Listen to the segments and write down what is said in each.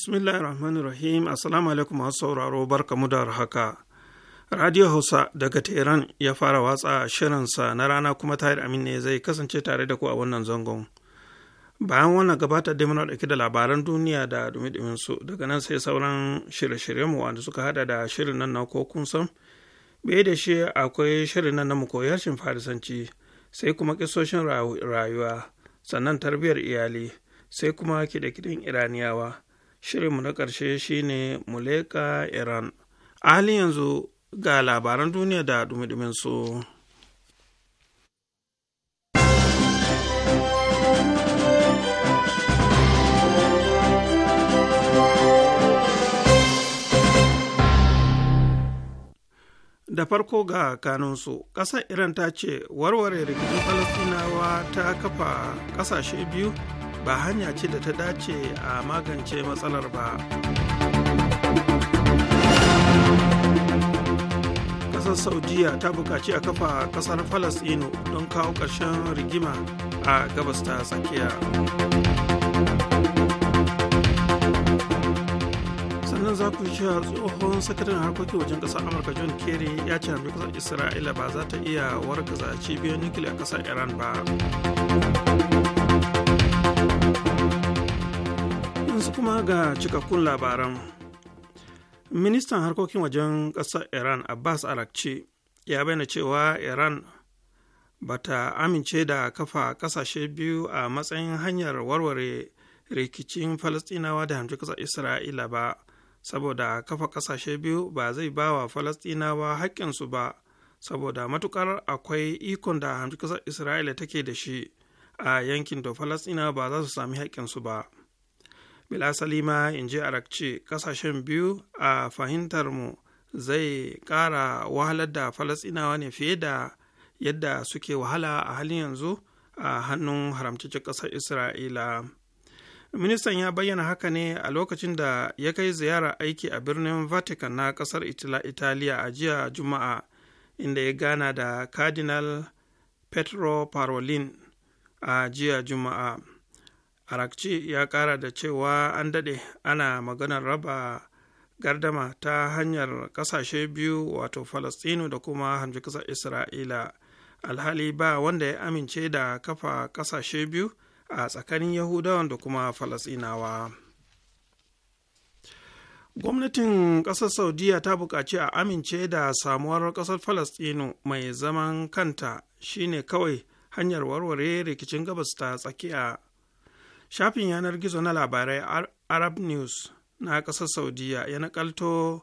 Bismillahirrahmanirrahim. rahim assalamu alaikum masu sauraro barkamu da haka radio hausa daga tehran ya fara watsa shirinsa na rana kuma tahir amin ne zai kasance tare da ku a wannan zangon bayan wannan gabatar da muna dauke da labaran duniya da dumi su daga nan sai sauran shirye mu wanda suka hada da shirin nan na ko kun san bai da shi akwai shirin nan na mu koyar shin farisanci sai kuma kisoshin rayuwa sannan tarbiyyar iyali sai kuma kide-kiden iraniyawa shirinmu na ƙarshe shine muleka iran a halin yanzu ga labaran duniya da dumi su. da farko ga kanunsu ƙasar iran ta ce warware rikicin falastinawa ta kafa ƙasashe biyu ba hanya ce da ta dace a magance matsalar ba ƙasar saudiya ta buƙaci a kafa ƙasar falasɗinu don kawo ƙarshen rigima a gabas ta tsakiya sannan za ku cewa tsohon sakataren harkokin wajen ƙasar amurka john kerry ya ce ƙasar isra'ila ba za ta iya wargaza cibiyar nukiliyar ƙasar iran ba kuma ga cikakkun labaran ministan harkokin wajen ƙasar iran abbas arakci ya bayyana cewa iran ba ta amince da kafa ƙasashe biyu a matsayin hanyar warware rikicin falastinawa da hamci ƙasar isra'ila ba saboda kafa ƙasashe biyu ba zai ba wa falastinawa haƙƙinsu ba saboda matuƙar akwai ikon da hamci ƙasar isra'ila take da shi a yankin da falastinawa ba za su sami haƙƙinsu ba bilasali ma in ji arakci kasashen biyu a fahimtar mu zai kara wahalar da falasinawa ne fiye da yadda suke wahala a halin yanzu a hannun haramcicin ƙasar isra'ila ministan ya bayyana haka ne a lokacin da ya kai ziyara aiki a birnin vatican na ƙasar italiya a jiya juma'a inda ya gana da cardinal petro parolin a jiya juma'a arakci ya kara da cewa an dade ana maganar raba gardama ta hanyar kasashe biyu wato falastinu da kuma hamji kasar isra'ila alhali ba wanda ya amince da kafa kasashe biyu a tsakanin yahudawan da kuma falastinawa gwamnatin ƙasar saudiya ta buƙaci a amince da samuwar ƙasar falastinu mai zaman kanta shine kawai hanyar warware rikicin gabas ta tsakiya shafin yanar gizo na labarai arab news na ƙasar saudiya ya nakalto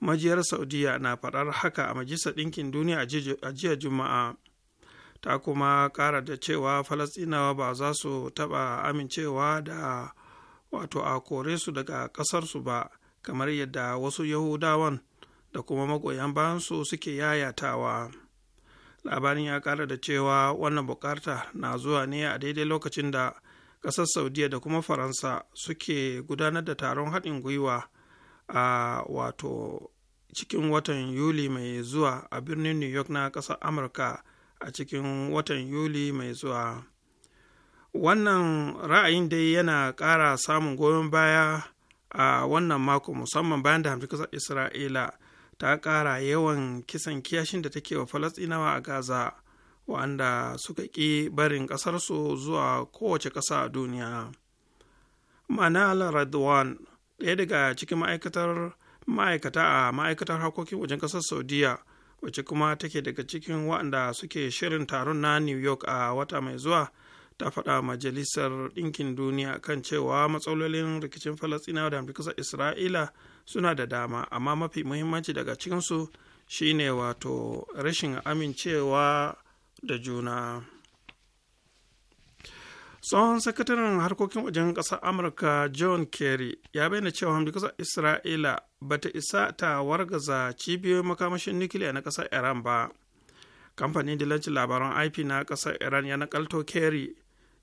majiyar saudiya na faɗar haka a majalisar ɗinkin duniya a jiya juma'a ta kuma ƙara da cewa falasɗinawa ba za su taɓa amincewa da wato a kore su daga ƙasarsu ba kamar yadda wasu yahudawan da kuma magoyan bayansu suke yayatawa labarin ya ƙara da cewa wannan buƙata na zuwa ne a daidai lokacin da kasar saudiya da kuma faransa suke gudanar da taron haɗin gwiwa a wato cikin watan yuli mai zuwa a birnin new york na ƙasar amurka a cikin watan yuli mai zuwa wannan ra'ayin dai yana ƙara samun goyon baya a wannan mako musamman bayan da hamsin isra'ila ta ƙara yawan kisan kiyashin da take wa falasɗinawa a gaza wanda suka ƙi barin ƙasarsu zuwa kowace ƙasa a duniya manal radwan ɗaya daga cikin ma'aikatar ma'aikata a ma'aikatar harkokin wajen ƙasar saudiya wacce kuma take daga cikin waɗanda suke shirin taron na new york a wata mai zuwa ta faɗa majalisar ɗinkin duniya kan cewa matsalolin rikicin falasɗinawa da amurka isra'ila suna da dama amma mafi muhimmanci daga cikinsu shine wato rashin amincewa da juna tsohon sakataren harkokin wajen ƙasar amurka john kerry ya bayyana cewa hamdi isra'ila ba ta isa ta wargaza cibiyoyin makamashin nukiliya na ƙasar iran ba kamfanin dilancin labaran ip na ƙasar iran ya nakalto kerry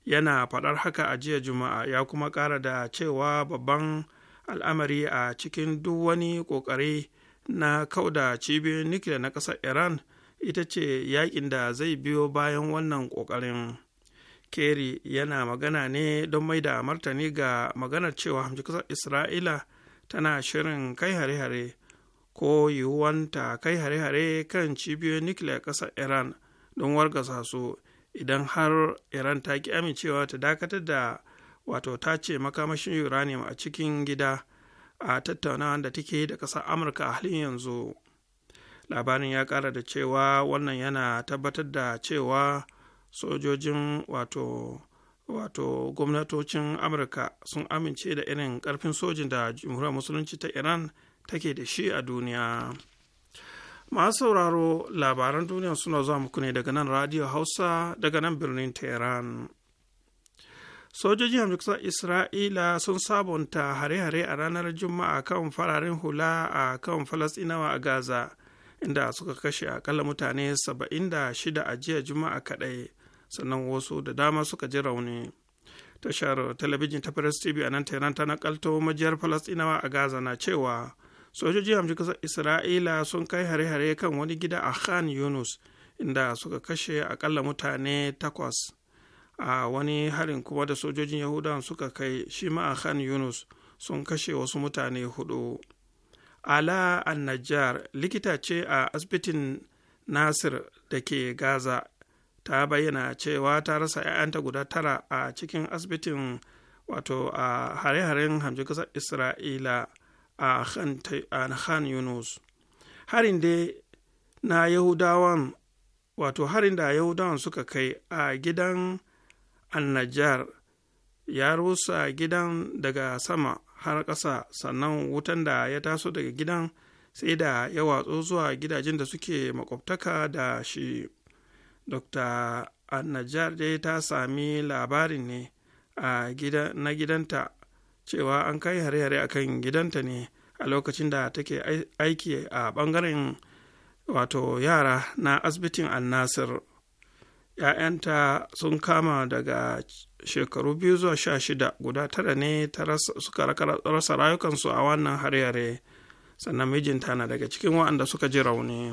yana faɗar haka a jiya juma'a ya kuma ƙara da cewa babban al'amari a cikin duk wani ƙoƙari na kauda cibiyoyin nukiliya na ƙasar iran ita ce yakin da zai biyo bayan wannan ƙoƙarin kerry yana magana ne don mai da martani ga maganar cewa hamjikasar isra'ila tana shirin kai hare-hare ko yiwuwanta kai hare-hare kan cibiyoyin nukiliyar ƙasar iran don wargasa su idan har iran ta ki amincewa ta dakatar da wato ta ce makamashin uranium a cikin gida a tattaunawa da take da ƙasar amurka a halin yanzu labarin ya kara da cewa wannan yana tabbatar da cewa sojojin wato wato gwamnatocin amurka sun amince da irin karfin sojin da jamhuriyar musulunci ta iran take da shi a duniya masu sauraro labaran duniya suna zuwa muku ne daga nan radio hausa daga nan birnin tehran sojojin amurka isra'ila sun sabunta hare-hare a ranar juma'a kan fararen hula a kan falasinawa a gaza inda suka kashe akalla mutane 76 a jiya juma'a kaɗai sannan wasu da dama suka ji rauni tashar talabijin ta press tv a nan tehran ta nakalto majiyar falastinawa a gaza na cewa sojoji hamsin kasar isra'ila sun kai hare-hare kan wani gida a khan yunus inda suka kashe akalla mutane takwas a wani harin kuma da sojojin yahudawan suka kai shi ma a khan yunus sun kashe wasu mutane hudu ala annajar likita ce a asibitin nasir da ke gaza ta bayyana cewa ta rasa 'ya'yanta guda tara a cikin asibitin wato a hare-haren hamji kasar isra'ila a khan yunus harin dai na yahudawan wato harin da yahudawan suka kai a gidan annajar ya rusa gidan daga sama har ƙasa sannan wutan da ya taso daga gidan sai da ya watso zuwa gidajen da suke makwabtaka da shi dr annajar dai ta sami labarin ne a na gidanta cewa an kai hare-hare a kan gidanta ne a lokacin da take aiki a ɓangaren wato yara na asibitin annasir ‘ya'yanta sun kama daga shekaru biyu zuwa sha shida guda tara ne suka rasa rayukansu a wannan haryare yare sannan mijinta na daga cikin waɗanda suka ji rauni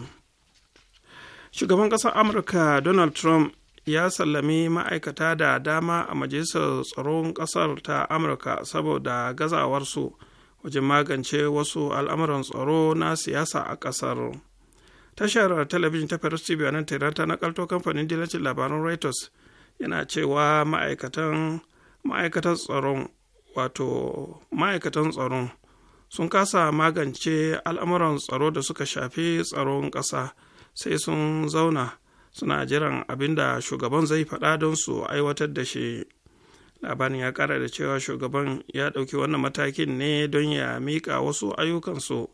shugaban ƙasar amurka donald trump ya sallami ma'aikata da dama a majalisar tsaron ƙasar ta amurka saboda gazawarsu wajen magance wasu al'amuran tsaro na siyasa a ƙasar. tashar talabijin ta paris tv a nan tehran na nakalto kamfanin dilancin labaran reuters yana cewa ma'aikatan ma'aikatan tsaron wato ma'aikatan tsaron sun kasa magance al'amuran tsaro da suka shafi tsaron ƙasa sai sun zauna suna jiran abin da shugaban zai faɗa don su aiwatar da shi labarin ya ƙara da cewa shugaban ya ɗauki wannan matakin ne don ya miƙa wasu ayyukansu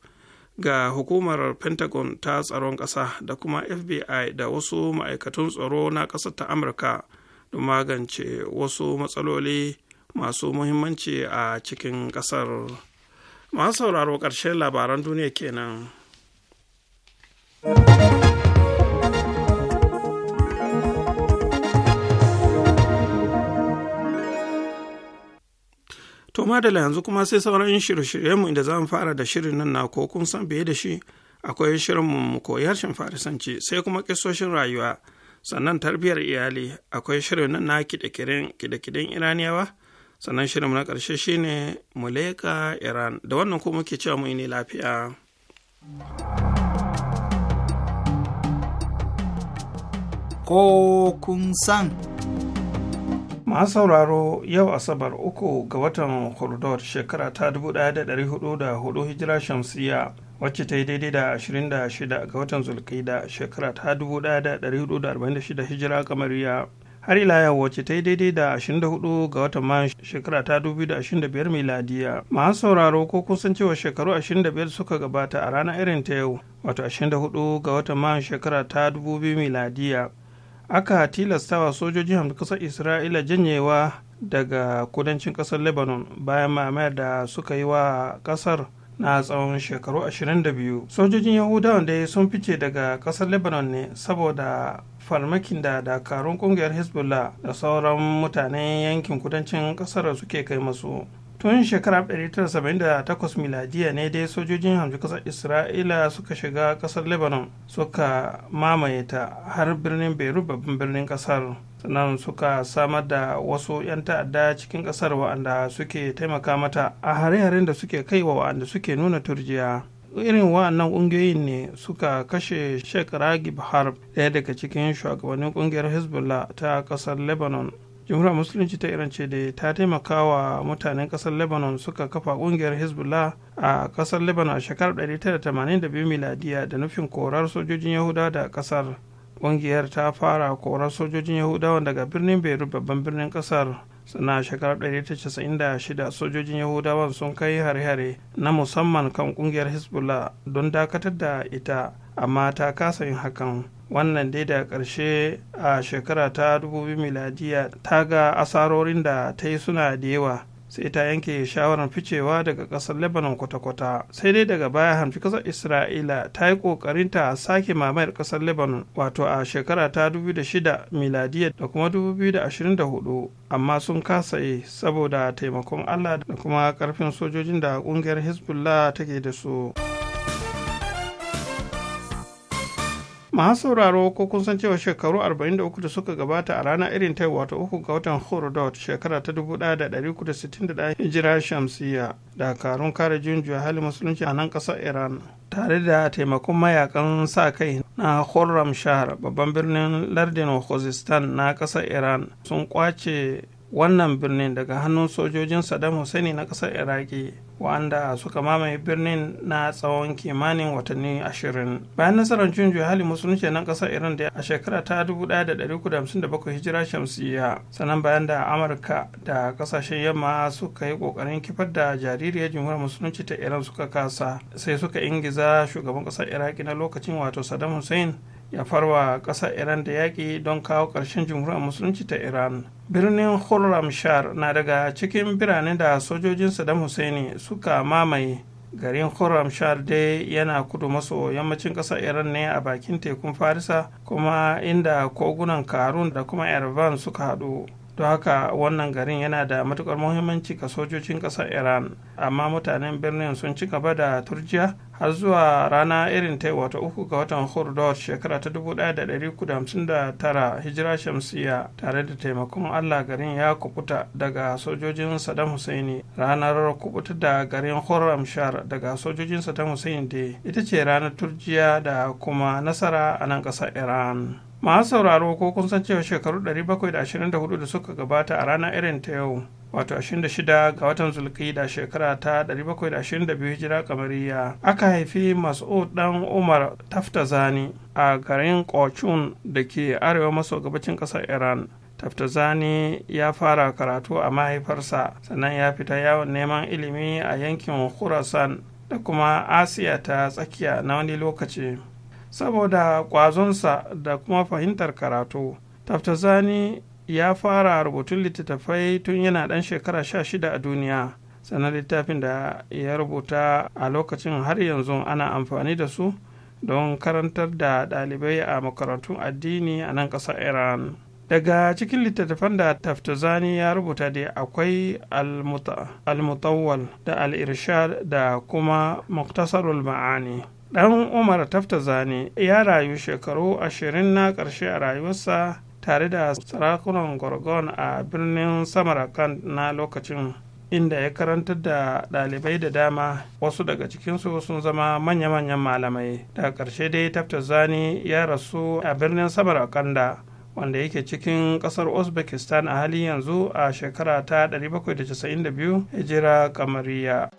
ga hukumar pentagon ta tsaron ƙasa da kuma fbi da wasu ma'aikatun tsaro na ƙasar ta amurka don magance wasu matsaloli masu muhimmanci a cikin ƙasar masu sauraro ƙarshen labaran duniya kenan. To madala yanzu kuma sai sauran shirye-shiryenmu inda za mu fara da shirin nan na ko kun san biye da shi akwai shirin mu koyar shin farisanci sai kuma kisoshin rayuwa sannan tarbiyyar iyali akwai shirin nan na kiden iraniyawa sannan shirin na ƙarshe shine muleka iran da wannan kuma muke cewa mu ne lafiya. Ko kun san. masu sauraro yau asabar uku ga watan hurdor shekara ta 1404 hijira shamsiya wacce ta yi daidai da 26 ga watan zulkaida shekara ta 1446 hijira kamariya har ila yau wacce ta yi daidai da 24 ga watan mayan shekara ta 2025 miladiya masu sauraro ko kun san cewa shekaru 25 suka gabata a ranar irin ta yau wato 24 ga watan mayan shekara ta 2000 miladiya aka tilastawa sojojin hamdu kasar isra'ila janyewa daga kudancin kasar lebanon bayan mamayar da suka yi wa kasar na tsawon shekaru 22 sojojin yahudawan dai sun fice daga kasar lebanon ne saboda farmakin da dakarun kungiyar hezbollah da sauran mutanen yankin kudancin kasar suke kai masu tun shekara 1978 miladiya ne dai sojojin hamshi kasar isra'ila suka shiga kasar lebanon suka mamaye ta har birnin beirut babban birnin kasar sannan suka samar da wasu 'yan ta'adda cikin kasar wa'anda suke taimaka mata a hare-haren da suke kai wa wa'anda suke nuna turjiya irin wa'annan ƙungiyoyin ne suka kashe shekara harb ɗaya daga cikin shugabannin ƙungiyar hezbollah ta ƙasar lebanon jamhuriyar musulunci ta iran ce da ta taimaka wa mutanen kasar lebanon suka kafa kungiyar hezbollah a kasar lebanon a shekarar 1982 miladiya da nufin korar sojojin yahuda da kasar kungiyar ta fara korar sojojin yahudawan daga birnin beirut babban birnin kasar suna shekarar 1996 sojojin yahudawan sun kai hare-hare na musamman kan kungiyar hezbollah don dakatar da ita amma ta kasa yin hakan wannan dai da ƙarshe a shekara ta 2000 miladiya ta ga asarorin da ta yi suna da yawa sai ta yanke shawarar ficewa daga ƙasar lebanon kwata-kwata sai dai daga baya hamshi ƙasar isra'ila ta yi ƙoƙarin ta sake mamayar ƙasar lebanon wato a shekara ta 2006 miladiya da kuma 2024 amma sun kasa yi saboda taimakon allah da kuma ƙarfin sojojin da ƙungiyar hezbollah take da su. masu sauraro ko kun san cewa shekaru 43 da suka gabata a ranar irin ta wato uku ga watan hurdot shekara ta 1961 hijira shamsiya dakarun kare jinjiya hali musulunci a nan ƙasar iran tare da taimakon mayakan sa kai na khurram shahar babban birnin lardin khuzistan na ƙasar iran sun kwace wannan birnin daga hannun sojojin Saddam Hussein na kasar Iraki wanda suka mamaye birnin na tsawon kimanin watanni ashirin. Bayan nasarar jin hali musulunci na ƙasar Iran da a shekara ta 1957 hijira shamsiyya sanan bayan da Amurka da ƙasashen yamma suka yi ƙoƙarin kifar da jaririyar jimhuriyar musulunci ta Iran suka kasa sai suka ingiza shugaban ƙasar Iraki na lokacin wato Saddam Hussein ya farwa ƙasar Iran da yaƙi don kawo ƙarshen jimhuriyar musulunci ta Iran. birnin shar na daga cikin birane da sojojin saddam hussein suka mamaye garin shar dai yana kudu maso yammacin ƙasar iran ne a bakin tekun farisa kuma inda kogunan karun da kuma ervan suka haɗu to haka wannan garin yana da matukar muhimmanci ga sojojin ƙasar iran amma mutanen birnin sun ci gaba da turjiya har zuwa rana irin ta wata uku ga watan hurdor shekara ta 1959 hijira shamsiya tare da taimakon allah garin ya kubuta daga sojojin saddam husaini ranar kubuta da garin huramshar daga sojojin saddam husaini da ita ce ranar turjiya da kuma nasara a nan ƙasar iran masu sauraro ko kun san cewa shekaru 724 da suka gabata a ranar irin ta yau wato 26 ga watan Zulki da shekara ta 722 hijira kamariya aka haifi mas'ud dan umar taftazani a garin kochun da ke arewa maso gabacin ƙasar iran taftazani ya fara karatu a mahaifarsa sannan ya fita yawon neman ilimi a yankin khurasan da kuma asiya ta tsakiya na wani lokaci saboda ƙwazonsa da kuma fahimtar karatu taftazani ya fara rubutun littattafai tun yana ɗan shekara sha shida a duniya sannan littafin da ya rubuta a lokacin har yanzu ana amfani da su don karantar da ɗalibai a makarantun addini a nan ƙasar iran daga cikin littattafan da taftazani ya rubuta da akwai al almutawal da al-irshad da kuma muktasarul ma'ani ɗan umar zane ya rayu shekaru ashirin na ƙarshe a rayuwarsa tare da sarakunan gorgon a birnin samarkand na lokacin inda ya karantar da ɗalibai da dama wasu daga cikinsu sun zama manya-manyan malamai da ƙarshe dai tafta zane ya rasu a birnin samarkanda wanda yake cikin ƙasar uzbekistan a halin yanzu a shekara ta 792 hijira kamariya.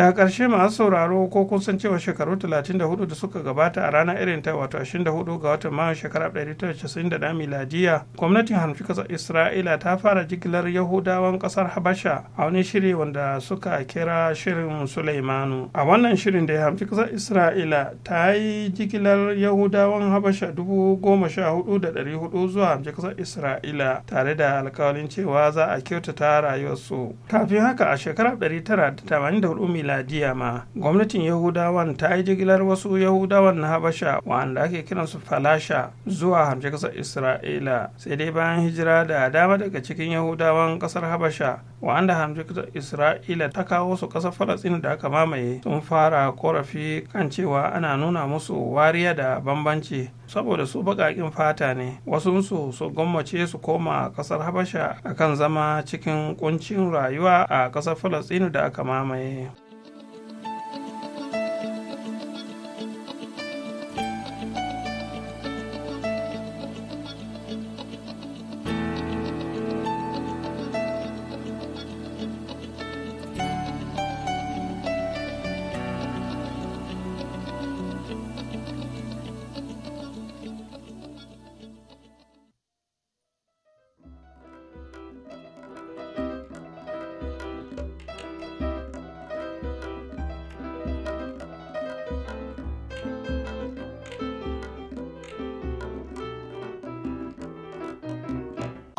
daga ƙarshe masu sauraro ko kun san cewa shekaru 34 da suka gabata a ranar irin ta wato 24 ga watan mayu shekarar 1991 miladiya gwamnatin hanfi ƙasar isra'ila ta fara jigilar yahudawan ƙasar habasha a wani shiri wanda suka kira shirin suleimanu a wannan shirin da ya hanfi ƙasar isra'ila ta yi jigilar yahudawan habasha dubu goma sha hudu da hudu zuwa hanfi ƙasar isra'ila tare da alƙawarin cewa za a kyautata rayuwarsu kafin haka a shekarar 1984 miladiya ma gwamnatin yahudawan ta yi jigilar wasu yahudawan na habasha wanda ake kiransu falasha zuwa hamshe kasar isra'ila sai dai bayan hijira da dama daga cikin yahudawan kasar habasha wanda hamshe kasar isra'ila ta kawo su kasar falastin da aka mamaye sun fara korafi kan cewa ana nuna musu wariya da bambanci saboda su baƙaƙin fata ne wasunsu su gwammace su koma ƙasar habasha akan zama cikin ƙuncin rayuwa a ƙasar falasɗinu da aka mamaye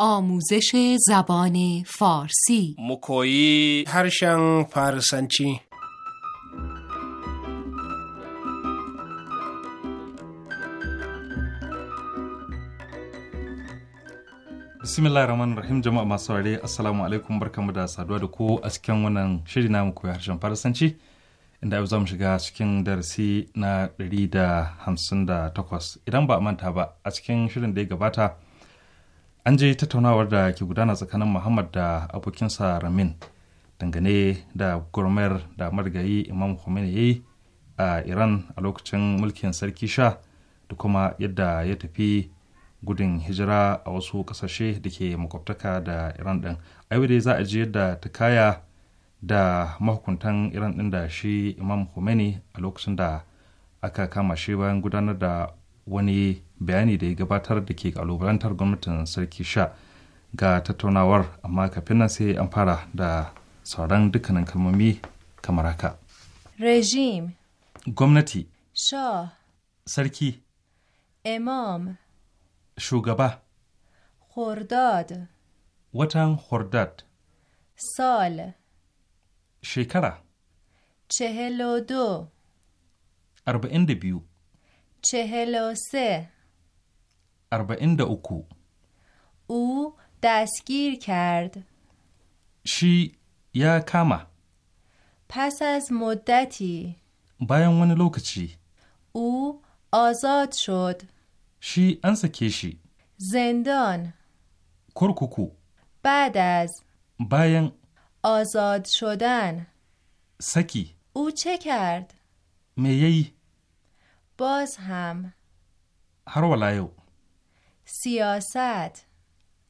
آموزش زبان فارسی مکویی هرشن فارسنچی bismillah rahman rahim jama'a masu saurare assalamu alaikum barkamu da saduwa da ku a cikin wannan shiri na koyi harshen farasanci inda yau za mu shiga cikin darasi na da 158 idan ba a manta ba a cikin shirin da ya gabata an je tattaunawar da ke gudana tsakanin muhammad da abokinsa ramin dangane da gurmayar da marigayi imam khomeini ya yi a iran a lokacin mulkin sarki sha da kuma yadda ya tafi gudun hijira a wasu kasashe da ke makwabtaka da iran din dai za a ji yadda ta kaya da mahukuntan iran din da shi imam khomeini a lokacin da aka kama shi bayan gudanar da wani bayani da ya gabatar da ke kalubalantar gwamnatin sarki sha ga tattaunawar amma kafin nan sai an fara da sauran dukkanin kalmomi kamar haka. Regime Gwamnati Shah Sarki Imam Shugaba Hordad Watan Hordad Sal Shekara Chehelo do. Arba'in da biyu. Chehelo se. اربعین دا اوکو او دستگیر کرد شی یا کاما پس از مدتی بایان ونی لوکچی او آزاد شد شی انسا کشی زندان کرکوکو بعد از باین آزاد شدن سکی او چه کرد؟ میهی باز هم هر ولایو سیاست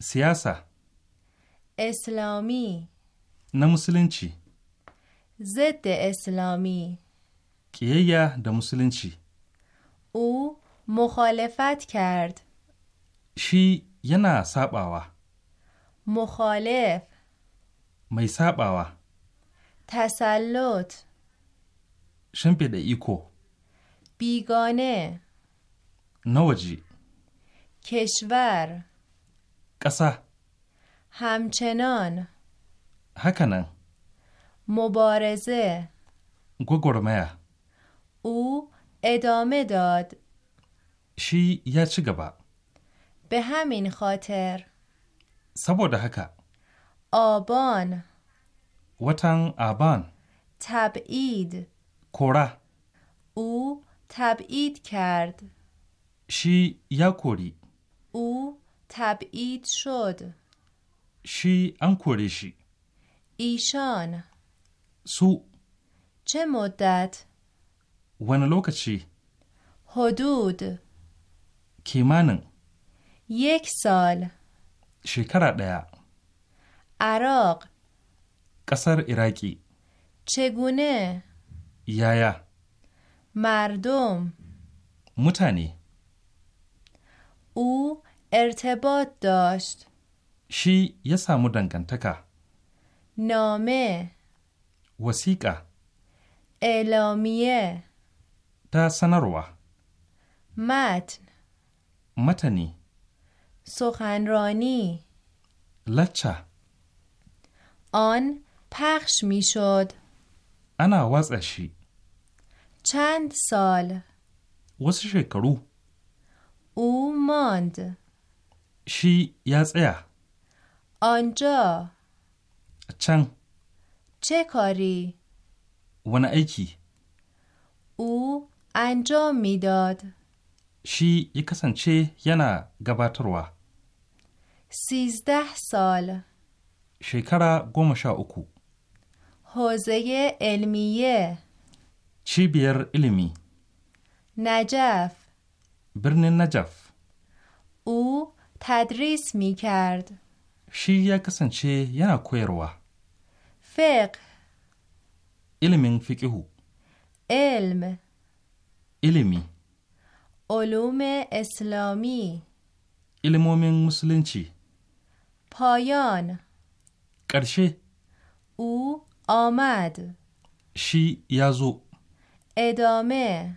سیاست اسلامی نه چی؟ ضد اسلامی کیه ده چی؟ او مخالفت کرد شی یه نه ساباوا مخالف می ساباوا تسلط ایکو بیگانه نوجی کشور قصه همچنان هکنه مبارزه گوگرمه او ادامه داد شی یا چی گبا به همین خاطر سبوده هکا آبان وطن آبان تبعید کره او تبعید کرد شی یا کوری او تبعید شد شی انکورشی ایشان سو چه مدت؟ ون لوکچی حدود کیمانن یک سال شکر دیا عراق قصر ایراکی چگونه؟ یایا مردم متنی او ارتباط داشت شی یا سامو تکه. نامه وسیقه اعلامیه تا سنروه متن متنی سخنرانی لچه آن پخش میشد انا وزشی. چند سال وزشی کرو؟ او ماند شی یا tsaya آنجا چن چه کاری ون ایکی او انجام میداد شی یا کسانچه ینا گباتروا سیزده سال شکر گم شا اکو حوزه علمیه چی بیر علمی نجف برن نجف او تدریس می کرد شی یا کسنچه ینا کویروا فقه علم فقه علم علمی علوم اسلامی علمومین مسلمچی پایان قرشه او آمد شی یازو ادامه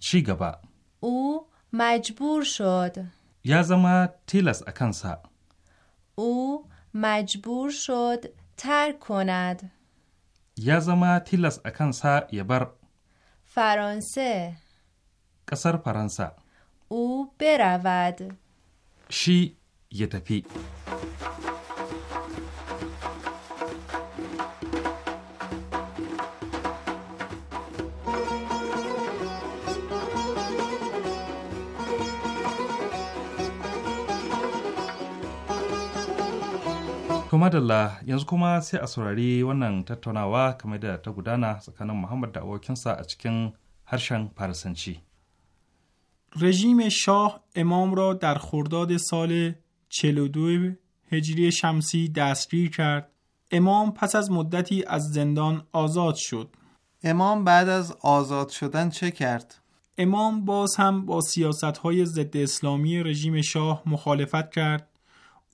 چی گبا او مجبور شد یا تیلس اکنسا او مجبور شد ترک کند یا تیلس اکنسا یه بر فرانسه قصر فرانسه او برود شی یه تپی To madalla yanzu kuma sai a saurari wannan tattaunawa kamar da ta gudana tsakanin Muhammad da abokinsa a cikin رژیم شاه امام را در خورداد سال 42 هجری شمسی دستگیر کرد امام پس از مدتی از زندان آزاد شد امام بعد از آزاد شدن چه کرد؟ امام باز هم با سیاست های ضد اسلامی رژیم شاه مخالفت کرد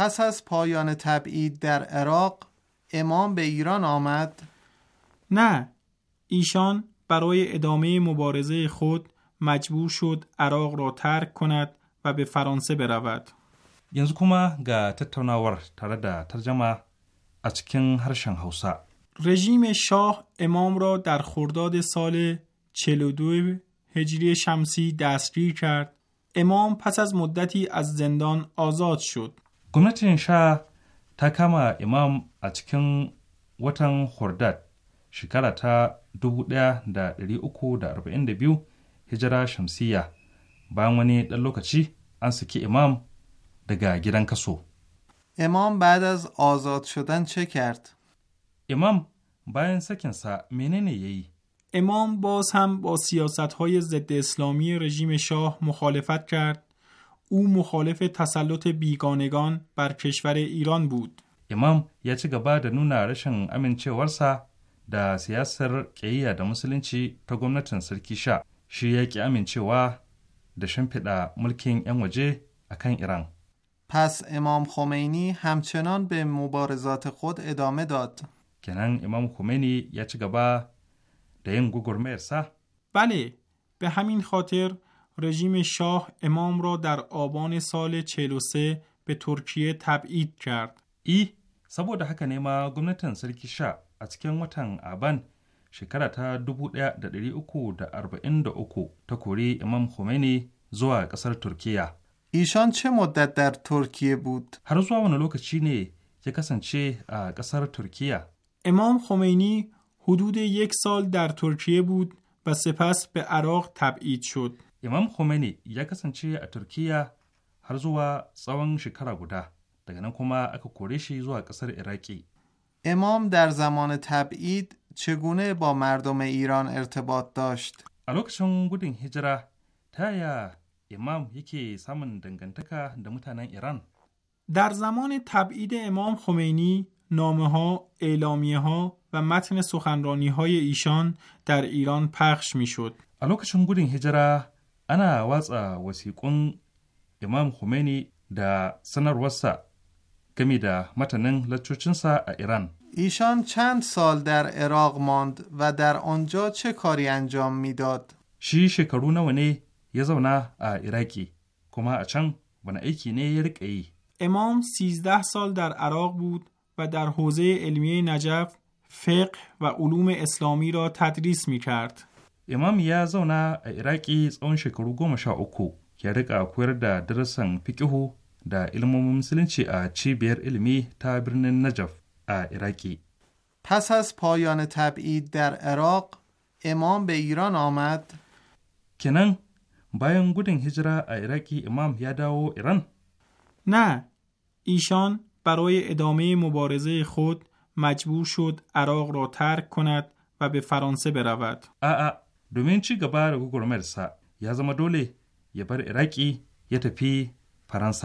پس از پایان تبعید در عراق امام به ایران آمد؟ نه ایشان برای ادامه مبارزه خود مجبور شد عراق را ترک کند و به فرانسه برود. yanzu کما گا تتناور تردا ترجمه از رژیم شاه امام را در خرداد سال 42 هجری شمسی دستگیر کرد. امام پس از مدتی از زندان آزاد شد. gwamnatin sha ta kama imam a cikin watan hordad shekara ta biyu, Hijra shamsiyya bayan wani ɗan lokaci an saki imam daga gidan kaso imam bayan az azad shudan imam bayan sakin sa menene yayi? yi امام باز هم با سیاست های ضد اسلامی رژیم شاه مخالفت او مخالف تسلط بیگانگان بر کشور ایران بود. امام یا چه گبا ده نونا رشن امین چه ورسا ده سیاسر کهی ده مسلین چی تا گمنتن سرکی شا. که امین چه وا ده شمپی ده ملکین این وجه اکن ایران. پس امام خمینی همچنان به مبارزات خود ادامه داد. کنن امام خمینی یا چه گبا ده این گوگر میرسا؟ بله، به همین خاطر، رژیم شاه امام را در آبان سال 43 به ترکیه تبعید کرد. ای سبوده ده هکنه ما سرکی شا از چیکن وطن آبان شکره تا دوبو کوری امام خمینی زوا کسر ترکیه. ایشان چه مدت در ترکیه بود؟ هر زوا و نلو کچی نی چه کسنچه ترکیه؟ امام خمینی حدود یک سال در ترکیه بود و سپس به عراق تبعید شد. امام Khomeini ya kasance a Turkiyya har zuwa tsawon shekara guda, daga nan kuma aka kore shi zuwa ƙasar Iraki. چگونه با مردم ایران ارتباط داشت؟ الوکشن گودین هجرا تایا امام یکی سامن دنگنتکا دمتان ایران در زمان تبعید امام خمینی نامه ها، اعلامیه ها و متن سخنرانی های ایشان در ایران پخش می شد الوکشن گودین ana watsa wasiƙun Imam Khomeini da sanarwarsa gami da matanin laccocinsa a Iran. ایشان چند سال در عراق ماند و در آنجا چه کاری انجام میداد؟ شی شکرو نو نه یزونا ایراکی کما اچن ون ایکی نه یرک ای امام 13 سال در عراق بود و در حوزه علمیه نجف فقه و علوم اسلامی را تدریس می کرد. imam ya zauna a iraki tsawon shekaru goma sha uku ya rika koyar da darasan fikihu da ilmomin musulunci a cibiyar ilimi ta birnin najaf a پس از پایان تبعید در عراق امام به ایران آمد کنن باین گودن هجرا ایراکی امام یاداو ایران نه ایشان برای ادامه مبارزه خود مجبور شد عراق را ترک کند و به فرانسه برود. domin ci gaba da gwagwarmayarsa ya zama dole ya bar iraki ya tafi faransa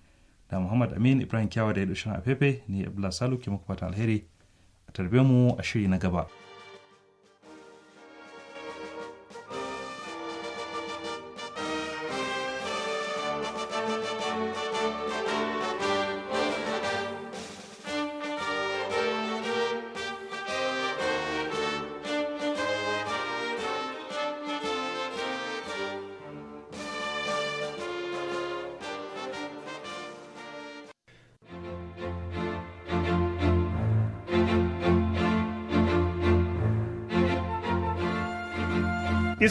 da muhammad amin ibrahim kyawa da ya dushin a ne ni abdullahi salu ke muku fatan alheri a tarbe mu a shiri na gaba.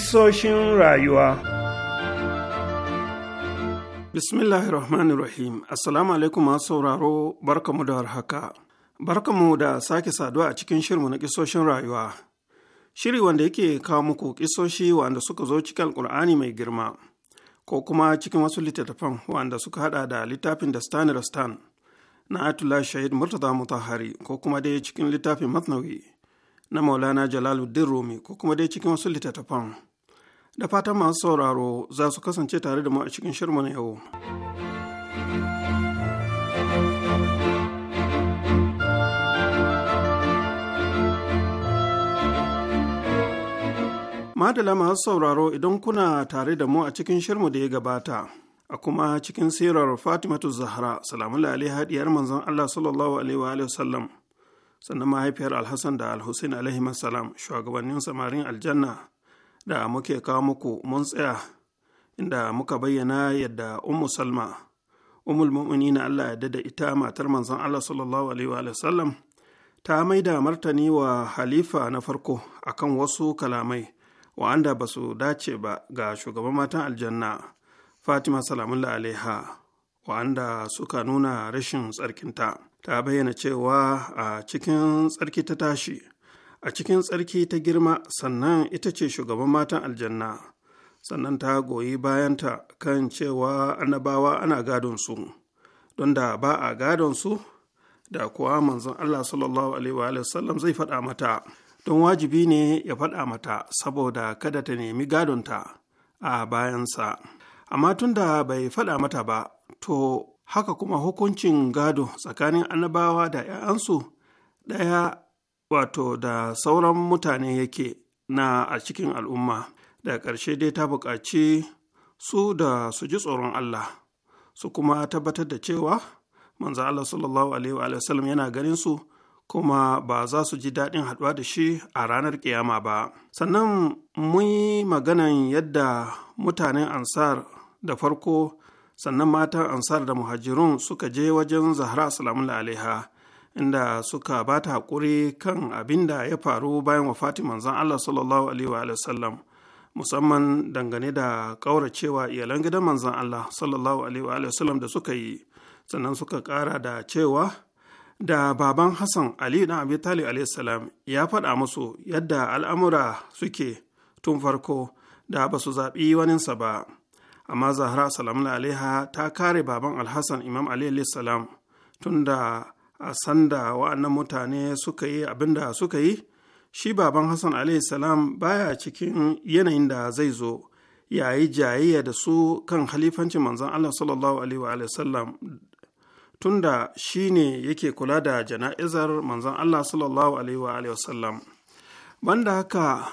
Kisoshin rayuwa Bismillahirrahmanirrahim Assalamu alaikum masu sauraro barkamu da warhaka. Barkamu da sake saduwa a cikin shirmu na kisoshin rayuwa. Shiri wanda yake kawo muku kisoshi wanda suka zo cikin alkur'ani mai girma, ko kuma cikin wasu littattafan wanda suka hada da littafin da Stan Rastan na Atullah Shahid Murtaza Mutahari ko kuma dai cikin littafin Matnawi na Maulana Jalaluddin Rumi ko kuma dai cikin wasu littattafan. da fatan masu sauraro za su kasance tare da mu a cikin shirmu na yau. Madala masu sauraro idan kuna tare da mu a cikin shirmu da ya gabata, a kuma cikin sirar Fatimatu Zahra, salamun alaiha diyar manzon Allah sallallahu alaihi wa sallam, sannan mahaifiyar Alhassan da Alhussein alaihi salam shugabannin samarin aljanna da muke kawo muku mun tsaya inda muka bayyana yadda ummu salma umul na Allah ya da ita matar manzon Allah sallallahu alaihi wa sallam ta maida martani wa halifa na farko akan wasu kalamai wa'anda ba su dace ba ga shugaban matan aljanna fatima salamullah alaiha wa'anda suka nuna rashin tsarkinta ta bayyana cewa a cikin tsarki ta tashi a cikin tsarki ta girma sannan ita ce shugaban matan aljanna sannan ta goyi bayanta kan cewa annabawa ana gadon su don da ba a gadon su da kuwa manzon Allah sallallahu alaihi wa sallam zai faɗa mata don wajibi ne ya faɗa mata saboda kada ta nemi gadonta a bayansa amma tun da bai faɗa mata ba to haka kuma hukuncin gado tsakanin annabawa da 'ya'yansu ɗaya wato da sauran mutane yake na a cikin al'umma da ƙarshe dai ta buƙaci su da su ji tsoron Allah su kuma tabbatar da cewa manza Allah sallallahu alaihi wa sallam yana ganin su kuma ba za su ji daɗin haɗuwa da shi a ranar ƙiyama ba sannan mun yi maganan yadda mutanen ansar da farko sannan matan ansar da muhajirun suka je wajen zahra salamun alaiha inda suka ba ta haƙuri kan abin da ya faru bayan wafatin manzon Allah sallallahu alaihi wa sallam musamman dangane da ƙauracewa iyalan gidan manzon Allah sallallahu alaihi wa sallam da suka yi sannan suka ƙara da cewa da baban Hassan Ali na Abi Talib alaihi salam ya faɗa musu yadda al'amura suke tun farko da ba su zaɓi waninsa ba amma Zahra salamun alaiha ta kare baban Alhassan Imam Ali alaihi salam tun a sanda wa'annan mutane suka yi abin da suka yi shi baban hassan salam baya cikin yanayin da zai zo ya yi jayayya da su kan halifancin manzan allah sallallahu alaihi wa sallam tunda shi ne yake kula da jana'izar manzan allah sallallahu alaihi wa sallam banda haka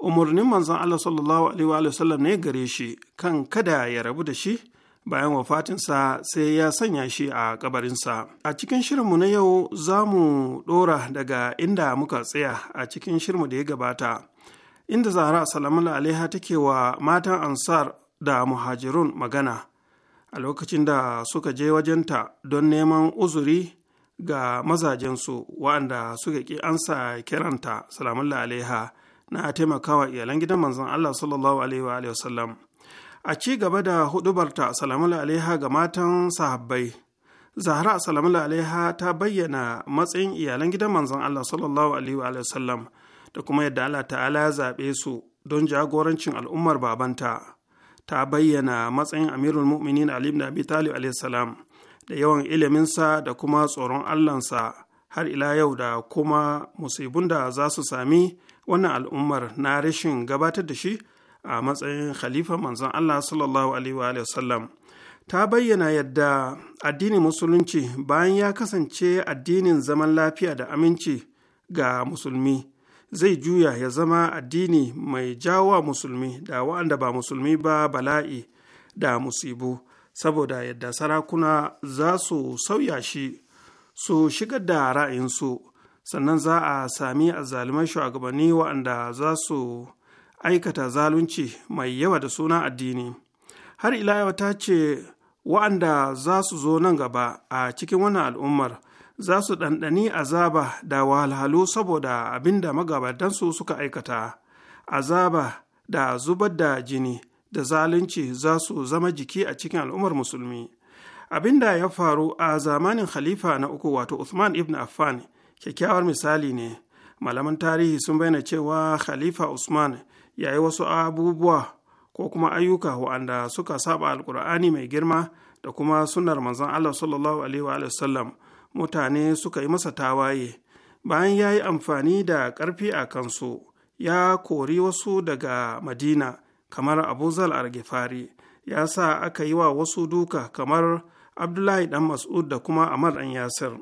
umarnin manzan allah sallallahu alaihi wa sallam ne gare shi kan kada ya rabu da shi bayan wafatinsa sai ya sanya shi a kabarinsa. A cikin shirinmu na yau za mu ɗora daga inda muka tsaya a cikin shirinmu da ya gabata, inda Zahra Salamun Alaiha take wa matan Ansar da Muhajirun magana a lokacin da suka je wajenta don neman uzuri ga mazajensu waɗanda suka ƙi ansa kiranta Salamun Alaiha na taimakawa iyalan gidan manzon Allah sallallahu Alaihi wa sallam. a ci gaba da hudubarta salamu alaiha ga matan sahabbai zahra salamu alaiha ta bayyana matsayin iyalan gidan manzon allah sallallahu alaihi wa sallam da kuma yadda allah ta'ala ya zaɓe su don jagorancin al'ummar babanta ta bayyana matsayin amirul mu'minin ali ibn abi talib alaihi salam da yawan iliminsa da kuma tsoron allahnsa har ila yau da kuma musibun da za su sami wannan al'ummar na rashin gabatar da shi a matsayin khalifa manzon Allah sallallahu alaihi wa sallam ta bayyana yadda addinin musulunci bayan ya kasance addinin zaman lafiya da aminci ga musulmi zai juya ya zama addini mai jawa musulmi da waɗanda ba musulmi ba bala'i da musibu saboda yadda sarakuna za su sauya shi su shiga da ra'ayinsu sannan za a sami zalimai shugabanni waɗanda za su aikata zalunci mai yawa da suna addini har ila yau ta ce wa'anda za su zo nan gaba a cikin wannan al'ummar za su ɗanɗani azaba da wahalhalu saboda abin da magabatansu suka aikata azaba da zubar da jini da zalunci za su zama jiki a cikin al'ummar musulmi abin da ya faru a zamanin khalifa na uku wato Uthman ibn Affan kyakkyawar misali ne malaman tarihi sun bayyana cewa khalifa Usman yayi wasu abubuwa ko kuma ayyuka waɗanda suka saba alkur'ani mai girma da kuma sunar manzon Allah sallallahu alaihi wa sallam mutane suka yi masa tawaye bayan ya yi amfani da ƙarfi a kansu ya kori wasu daga madina kamar abu zal argifari ya sa aka yi wa wasu duka kamar abdullahi dan mas'ud da kuma amar dan yasir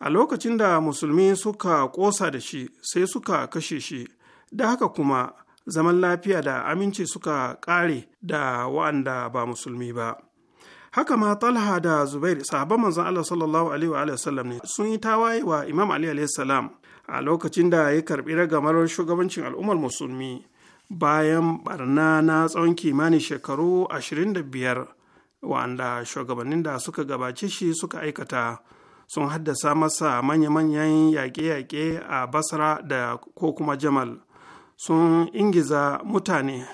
a lokacin da musulmi suka ƙosa da shi sai suka kashe shi da haka kuma zaman lafiya da aminci suka ƙare da wa'anda ba musulmi ba haka ma talha da zubair sahabban manzon allah sallallahu alaihi wa sallam ne sun yi tawaye wa imam ali alaihi salam a lokacin da ya karbi ragamar shugabancin al'ummar musulmi bayan barna na tsawon kimanin shekaru 25 wa'anda shugabannin da suka gabace shi suka aikata sun haddasa masa manya-manyan yaƙe-yaƙe a basra da ko kuma jamal sun ingiza mutane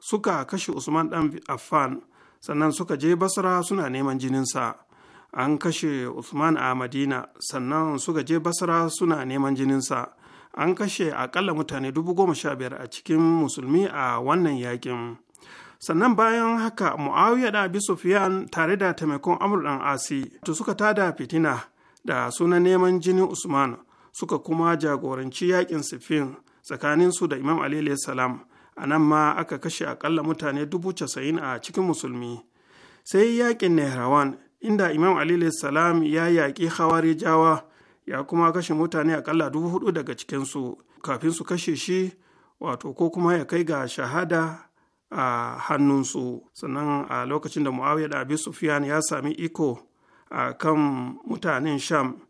suka kashe usman ɗan affan sannan suka je basra suna neman jininsa an kashe usman a madina sannan suka je basra suna neman jininsa an kashe akalla mutane dubu goma sha biyar a cikin musulmi a wannan yakin sannan bayan haka muawiya da abi sufyan tare da taimakon amur dan asi to suka tada fitina da sunan neman jinin usman suka kuma jagoranci yakin Sifin. su da imam ali salam a nan ma aka kashe akalla mutane dubu casa'in a cikin musulmi sai yakin nehrawan inda imam ali salam ya yaƙi hawarijawa ya kuma kashe mutane akalla dubu hudu daga cikinsu kafin su kashe shi wato ko kuma ya kai ga shahada a hannunsu sannan a lokacin da muawiya da abi sufyan ya sami iko a kan mutanen sham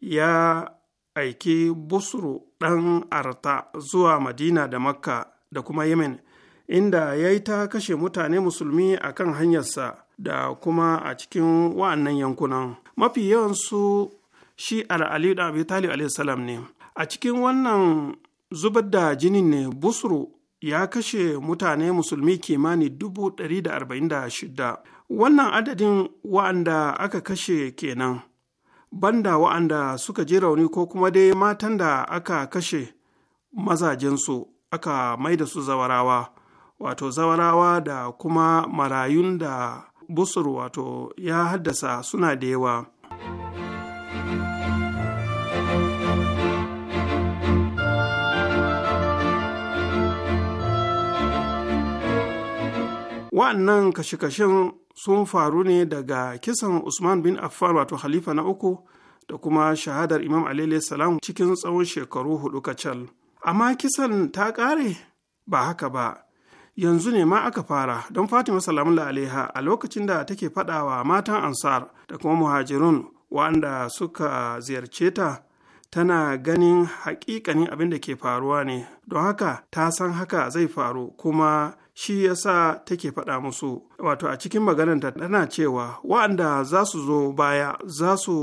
ya aiki busru ɗan arta zuwa madina da makka da kuma yemen inda ya yi ta kashe mutane musulmi a kan hanyarsa da kuma a cikin wa'annan yankunan mafi yawansu shi al'ali da abu talib salam ne a cikin wannan zubar da jinin ne busru ya kashe mutane musulmi kimani dubu ɗari shida wannan adadin wa'anda aka kashe kenan banda wa'anda suka ji rauni ko kuma dai matan da aka kashe mazajensu aka mai da su zawarawa wato zawarawa da kuma marayun da busur wato ya haddasa suna da yawa wa'annan kashe-kashen sun faru ne daga kisan usman bin affan wato halifa na uku da kuma shahadar imam alaihi salam cikin tsawon shekaru hudu kacal amma kisan ta ƙare ba haka ba yanzu ne ma aka fara don fatima salamun alaiha a lokacin da take faɗawa matan ansar da kuma muhajirun wanda suka ziyarce ta tana ganin haƙiƙanin abin da ke faruwa ne don haka ta san haka zai faru kuma shi ya sa take faɗa musu wato a cikin magananta tana cewa wa'anda za su zo baya za su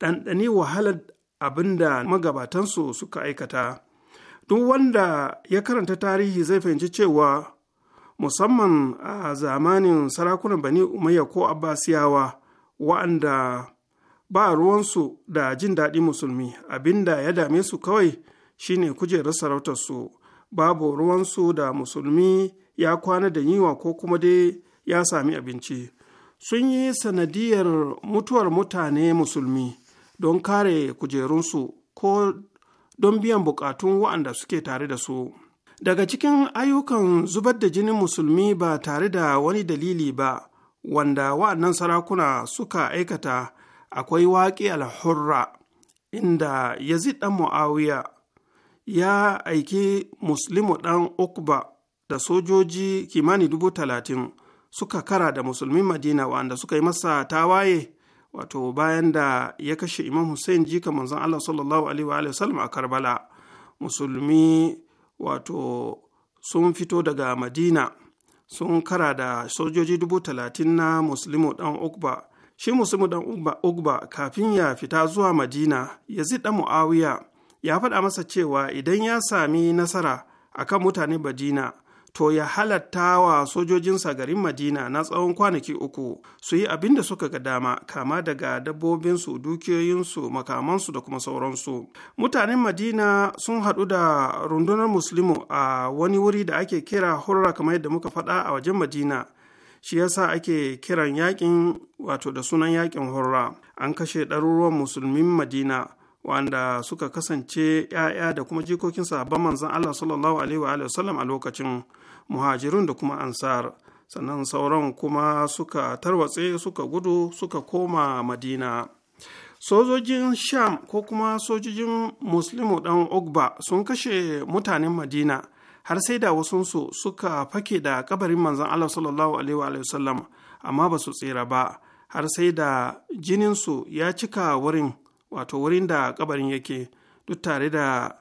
ɗanɗani wahalar abin da magabatansu suka aikata duk wanda ya karanta tarihi zai fahimci cewa musamman a zamanin sarakunan bani umayya ko abbasiyawa wa'anda ba ruwansu da jin daɗi musulmi abinda ya dame su kawai shine kujerar sarautarsu babu ruwansu da musulmi ya kwana da yiwa ko kuma dai ya sami abinci sun yi sanadiyar mutuwar mutane musulmi don kare kujerunsu ko don biyan bukatun waɗanda suke tare da su daga cikin ayyukan zubar da jinin musulmi ba tare da wani dalili ba wanda wa'annan sarakuna suka aikata akwai waƙi alhurra inda yazid ɗan mu'awiya ya aiki muslimu ɗan ukba da sojoji kimani dubu talatin suka kara da musulmin madina wanda suka yi masa tawaye wato bayan da ya kashe imam hussein jika manzon allah sallallahu alaihi wa sallam a karbala musulmi wato sun fito daga madina sun kara da sojoji dubu talatin na musulmi dan ukba shi musulmi dan ukba kafin ya fita zuwa madina ya dan muawiya ya faɗa masa cewa idan ya sami nasara akan mutane madina to ya halatta wa sojojinsa garin madina na tsawon kwanaki uku su yi abin da suka ga dama kama daga dabbobinsu dukiyoyinsu makamansu da kuma sauransu mutanen madina sun haɗu da rundunar musulmi a wani wuri da ake kira hurra kamar yadda muka faɗa a wajen madina shi yasa ake kiran yakin wato da sunan yakin hurra an kashe ɗaruruwan musulmin madina wanda suka kasance ‘ya'ya da kuma jikokin sahabban manzon Allah sallallahu alaihi wa sallam a lokacin muhajirun da kuma ansar sannan sauran kuma suka tarwatse suka gudu suka koma madina sojojin sham ko kuma sojojin muslimu dan ogba sun kashe mutanen madina har sai da wasunsu suka fake da kabarin manzon allah sallallahu alaihi wasallam amma ba su tsira ba har sai da jininsu ya cika wurin wato wurin da kabarin yake duk tare da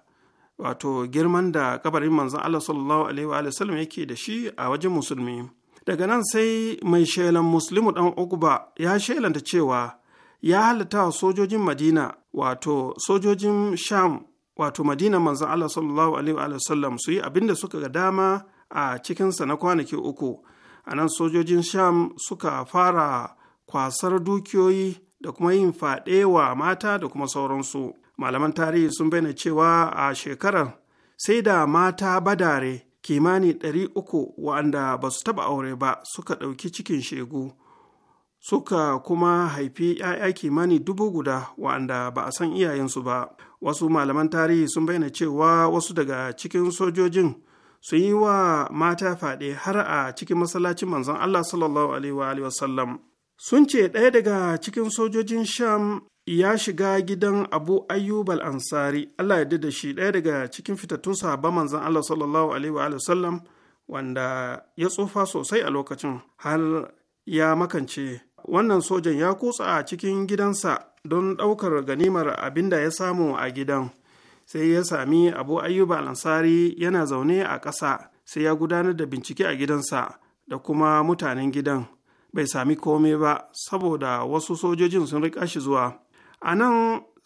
wato girman da kabarin manzon Allah sallallahu alaihi wa sallam yake da shi a wajen musulmi daga nan sai mai shelan muslimu dan Ugba ya shelanta cewa ya halatta wa sojojin Madina wato sojojin Sham wato Madina manzon Allah sallallahu alaihi wa sallam su yi abin da suka ga dama a cikinsa na kwanaki uku a nan sojojin Sham suka fara kwasar dukiyoyi da kuma yin fadewa mata da kuma sauransu malaman tarihi sun bayyana cewa a shekarar sai da mata badare kimani ɗari uku waɗanda ba su taɓa aure ba suka ɗauki cikin shegu suka kuma haifi 'ya'ya kimani dubu guda waɗanda ba a san iyayensu ba wasu malaman tarihi sun bayyana cewa wasu daga cikin sojojin sun yi wa mata fyaɗe har a cikin masallacin manzon Allah sallallahu alaihi wa sun ce ɗaya daga cikin sojojin sham ya shiga gidan abu ayyub ansari allah ya da shi ɗaya daga cikin fitattun sahabban manzan allah sallallahu alaihi wa sallam wanda ya tsufa sosai a lokacin har ya makance wannan sojan ya kutsa a cikin gidansa don ɗaukar ganimar abin da ya samu a gidan sai ya sami abu ayyubal ansari yana zaune a ƙasa sai ya gudanar da bincike a gidansa da kuma mutanen gidan bai sami komai ba saboda wasu sojojin sun riƙa shi zuwa a nan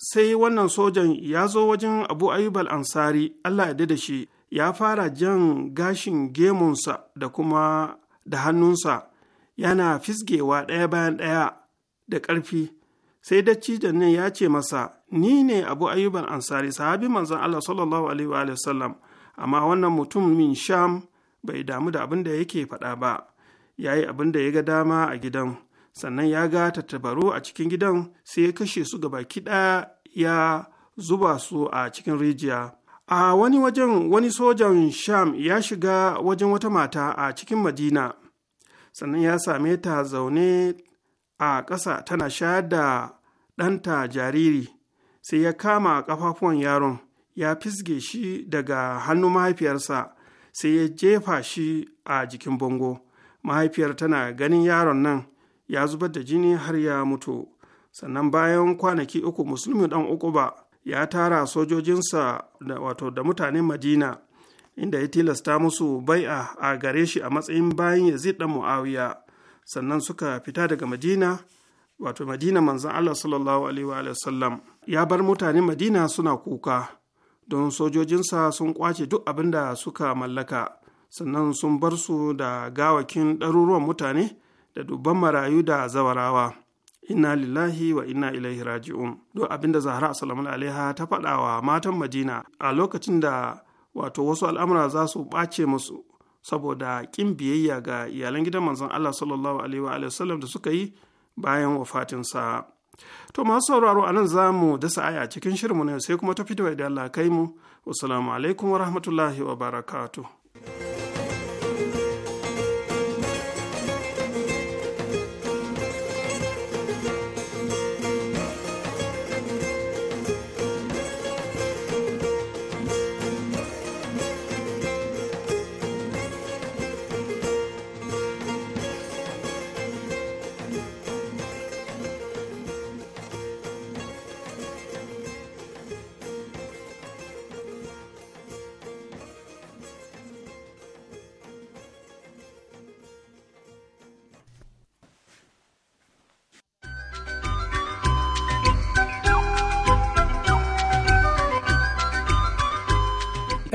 sai wannan sojan ya zo wajen abu ayyub ansari allah ya da shi ya fara jan gashin gemunsa da kuma da hannunsa yana fisgewa ɗaya bayan ɗaya da ƙarfi sai da nan ya ce masa ni ne abu ayyub ansari sahabi manzan allah sallallahu alaihi wa sallam amma wannan mutum, min sham bai damu da abin da yake faɗa ba ya yi abin da ya ga dama a gidan sannan ya ga tattabaru a cikin gidan sai ya kashe su gaba kiɗa ya zuba su a cikin rijiya a wani wajen wani sojan sham ya shiga wajen wata mata a cikin madina sannan ya same ta zaune a ƙasa tana sha da ɗanta jariri sai ya kama ƙafafuwan yaron ya fisge shi daga hannun mahaifiyarsa sai ya jefa shi a jikin bango mahaifiyar tana ganin yaron nan ya zubar da jini har ya mutu sannan bayan kwanaki uku musulmi dan ba. ya tara sojojinsa da wato da mutanen madina inda ya tilasta musu bai'a a gare shi a matsayin bayan yazid dan muawiya sannan suka fita daga madina wato madina manzan allah sallallahu alaihi wa ya bar mutanen madina suna kuka don sojojinsa sun kwace duk abin da suka mallaka sannan sun bar su da gawakin ɗaruruwan mutane da dubban marayu da zawarawa inna lillahi wa inna ilaihi raji'un abin abinda zahra salamun alaiha ta faɗa wa matan madina a lokacin da wato wasu al'amura za su ɓace musu saboda ƙin biyayya ga iyalan gidan manzon Allah sallallahu alaihi wa sallam da suka yi bayan wafatinsa. To masu sauraro a nan za mu dasa aya cikin shirinmu ne sai kuma ta fitowa idan Allah kai mu. Wassalamu alaikum wa rahmatullahi wa barakatuh.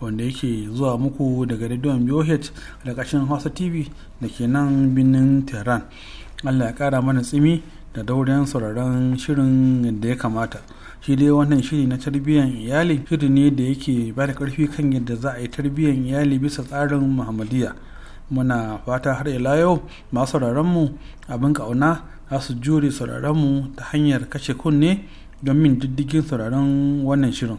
wanda yake zuwa muku daga rediyon BOH da kashin Hausa TV da ke nan birnin Tehran. Allah ya kara mana tsimi da daurin sauraron shirin da ya kamata. Shi dai wannan shiri na tarbiyyar iyali shiri ne da yake ba da karfi kan yadda za a yi tarbiyyar iyali bisa tsarin Muhammadiyya. Muna fata har ila yau ma sauraronmu abin kauna za su jure sauraronmu ta hanyar kashe kunne don min diddigin sauraron wannan shirin.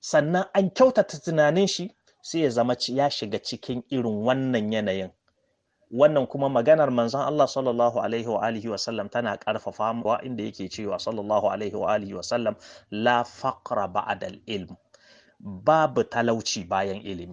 sannan an kyautata tunanin shi sai ya zama ya shiga cikin irin wannan yanayin wannan kuma maganar manzon Allah sallallahu alaihi wa alihi wa tana karfafa wa inda yake cewa sallallahu alaihi wa alihi wa la faqra ba'da ilm babu talauci bayan ilimi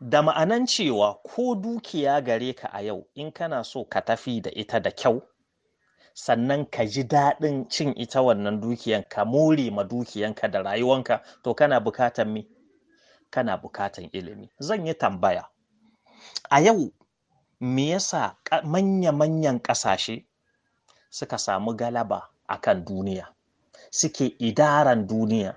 da ma'anan cewa ko dukiya gare ka a yau in kana so ka tafi da ita da kyau sannan ka ji daɗin cin ita wannan dukiyan ka more ma dukiyanka da rayuwanka to kana bukatan me kana bukatan ilimi zan yi tambaya a yau me yasa manya-manyan ƙasashe suka samu galaba akan duniya suke idaran duniya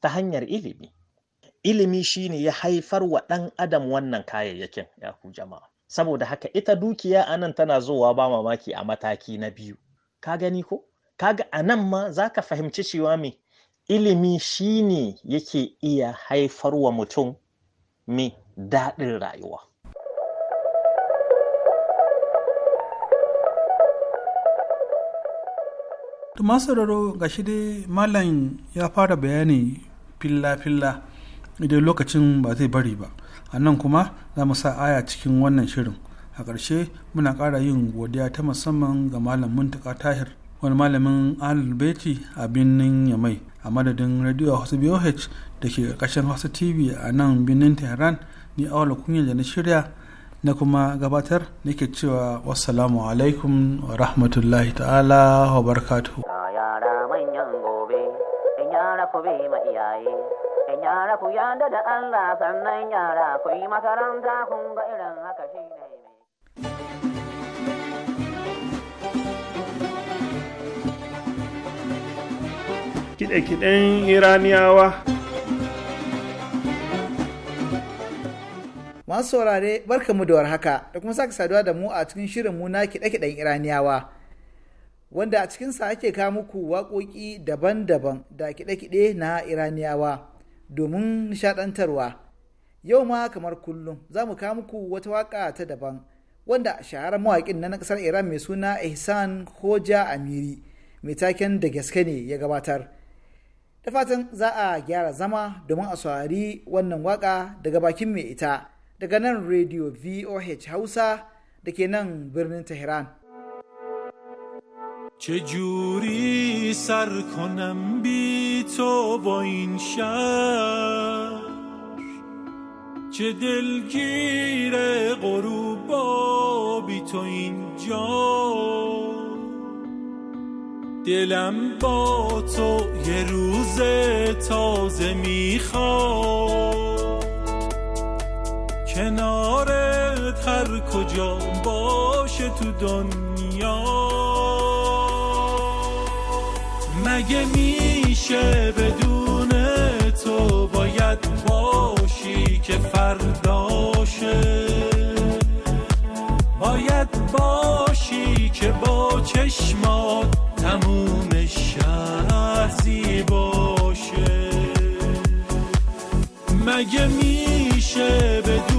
ta hanyar ilimi ilimi shi ne ya haifar wa ɗan adam wannan kayayyakin ya ku jama'a saboda haka ita dukiya a nan tana zowa ba mamaki a mataki na biyu ka gani ko kaga a nan ma za ka fahimci cewa me ilimi shi ne yake iya haifar wa mutum me daɗin rayuwa masu sauraro ga shi dai malam ya fara bayani filla-filla idan lokacin ba zai bari ba a nan kuma za mu sa aya cikin wannan shirin a ƙarshe muna ƙara yin godiya ta musamman ga malam muntaka tahir wani malamin alibeti a birnin yamai a madadin radio hausa boh da ke ƙarshen hausa tv a nan birnin tehran ni awala kunya da na shirya na kuma gabatar nake cewa wassalamu alaikum wa rahmatullahi ta'ala wa barakatuhu ku bi ma iyaye in yara ku yada da Allah sannan yara ku yi makaranta kun ga irin haka shi ne kiɗe-kiɗen iraniyawa masu saurare barkamu da warhaka da kuma sake saduwa da mu a cikin shirin mu na kiɗe-kiɗen iraniyawa wanda a cikinsa ake kawo muku waƙoƙi daban-daban da kiɗe-kiɗe na iraniyawa domin nishaɗantarwa yau ma kamar kullum za mu kawo muku wata waƙa ta daban wanda shaharar mawaƙin na ƙasar iran mai suna ihsan hoja amiri mai taken da gaske ne ya gabatar da fatan za a gyara zama domin a saurari wannan waƙa daga bakin mai ita daga nan rediyo voh hausa da ke nan birnin tehran چه جوری سر کنم بی تو با این شهر چه دلگیر غروبا بی تو اینجا دلم با تو یه روز تازه میخواد کنارت هر کجا باشه تو دنیا مگه میشه بدون تو باید باشی که فرداشه باید باشی که با چشمات تموم شهزی باشه مگه میشه بدون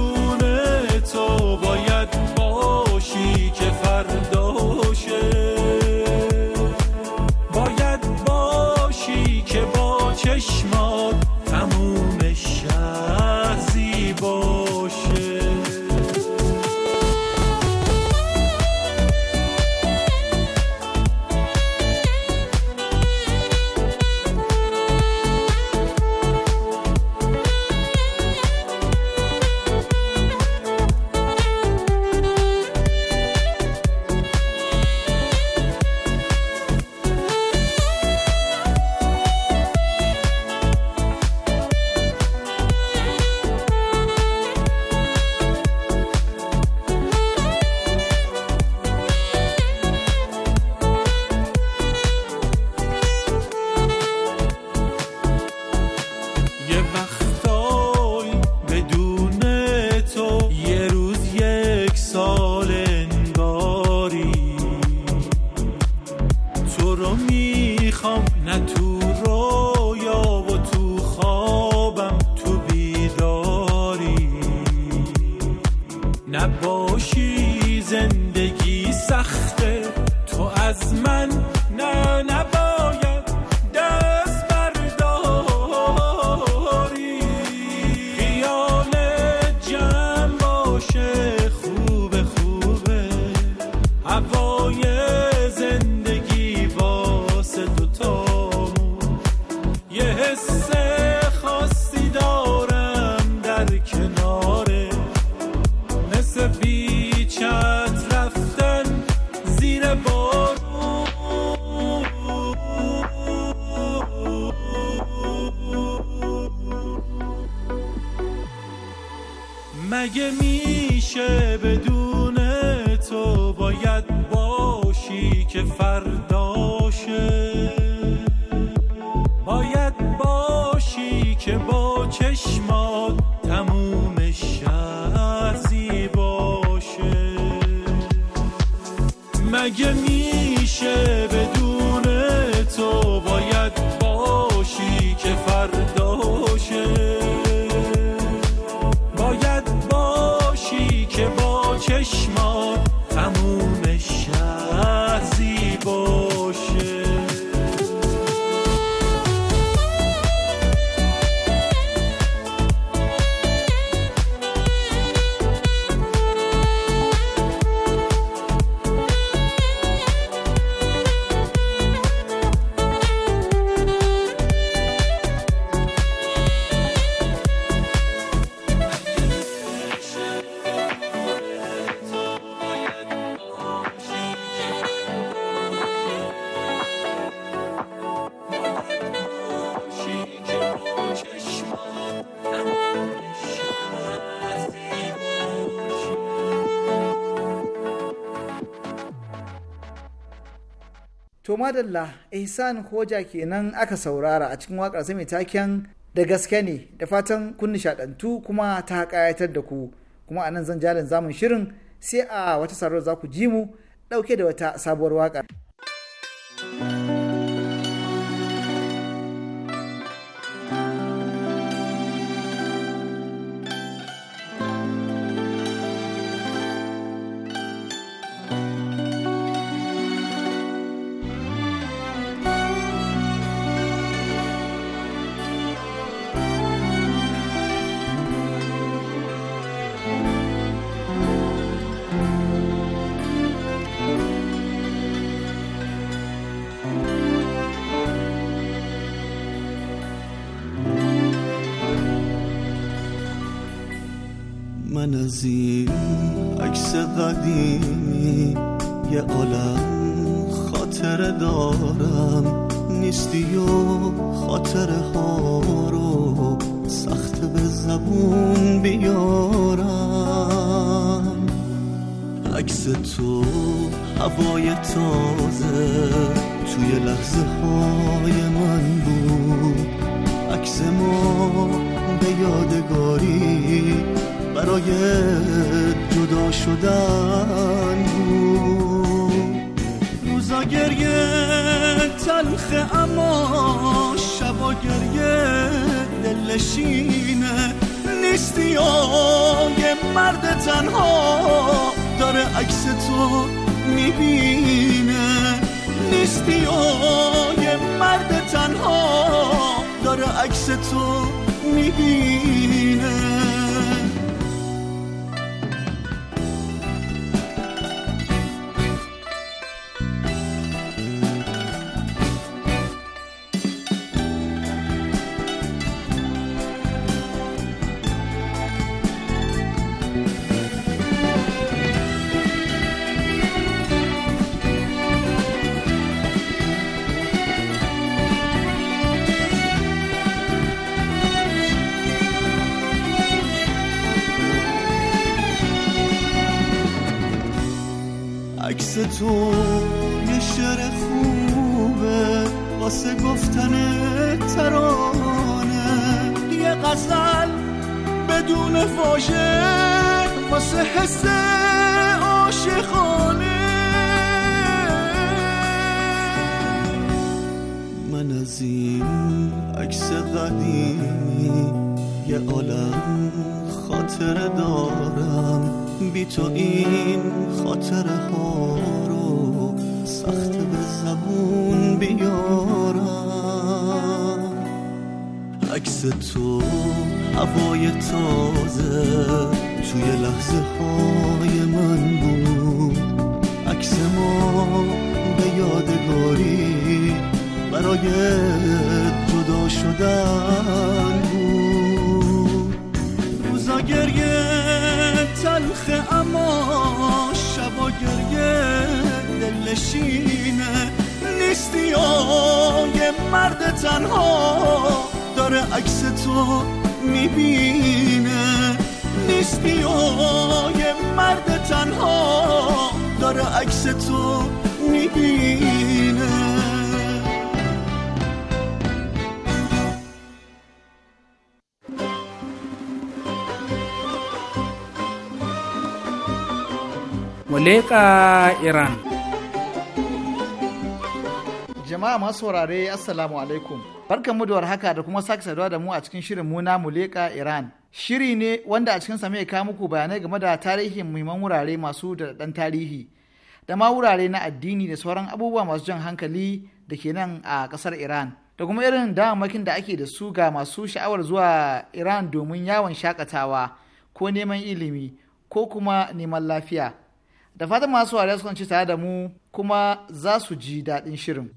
madalla ihsan hoja kenan aka saurara a cikin wakar mai taken da gaske ne da fatan kun nishadantu kuma ta ƙayatar da ku kuma anan zan jalin zamun shirin sai a wata sarar za ku ji mu dauke da wata sabuwar wakar. قدیمی یه عالم خاطره دارم نیستی و خاطره ها رو سخت به زبون بیارم عکس تو هوای تازه توی لحظه های من بود عکس ما به یادگاری برای جدا شدن بود روزا گریه اما شبا گریه دلشینه نیستی یه مرد تنها داره عکس تو میبینه نیستی یه مرد تنها داره عکس تو میبینه ne voje, pa se hesed. تو میبینه نیستی یه مرد تنها داره عکس تو میبینه ملیقا ایران جماعه ما السلام علیکم Barkan muduwar haka da kuma sake saduwa da mu a cikin shirin mu na Muleka Iran. Shiri ne wanda a cikin sa mai kawo muku bayanai game da tarihin muhimman wurare masu da dan tarihi da ma wurare na addini da sauran abubuwa masu jan hankali da ke nan a ƙasar Iran. Da kuma irin damamakin da ake da su ga masu sha'awar zuwa Iran domin yawon shakatawa ko neman ilimi ko kuma neman lafiya. Da fatan masu wariya sukan ci tare da mu kuma za su ji daɗin shirin.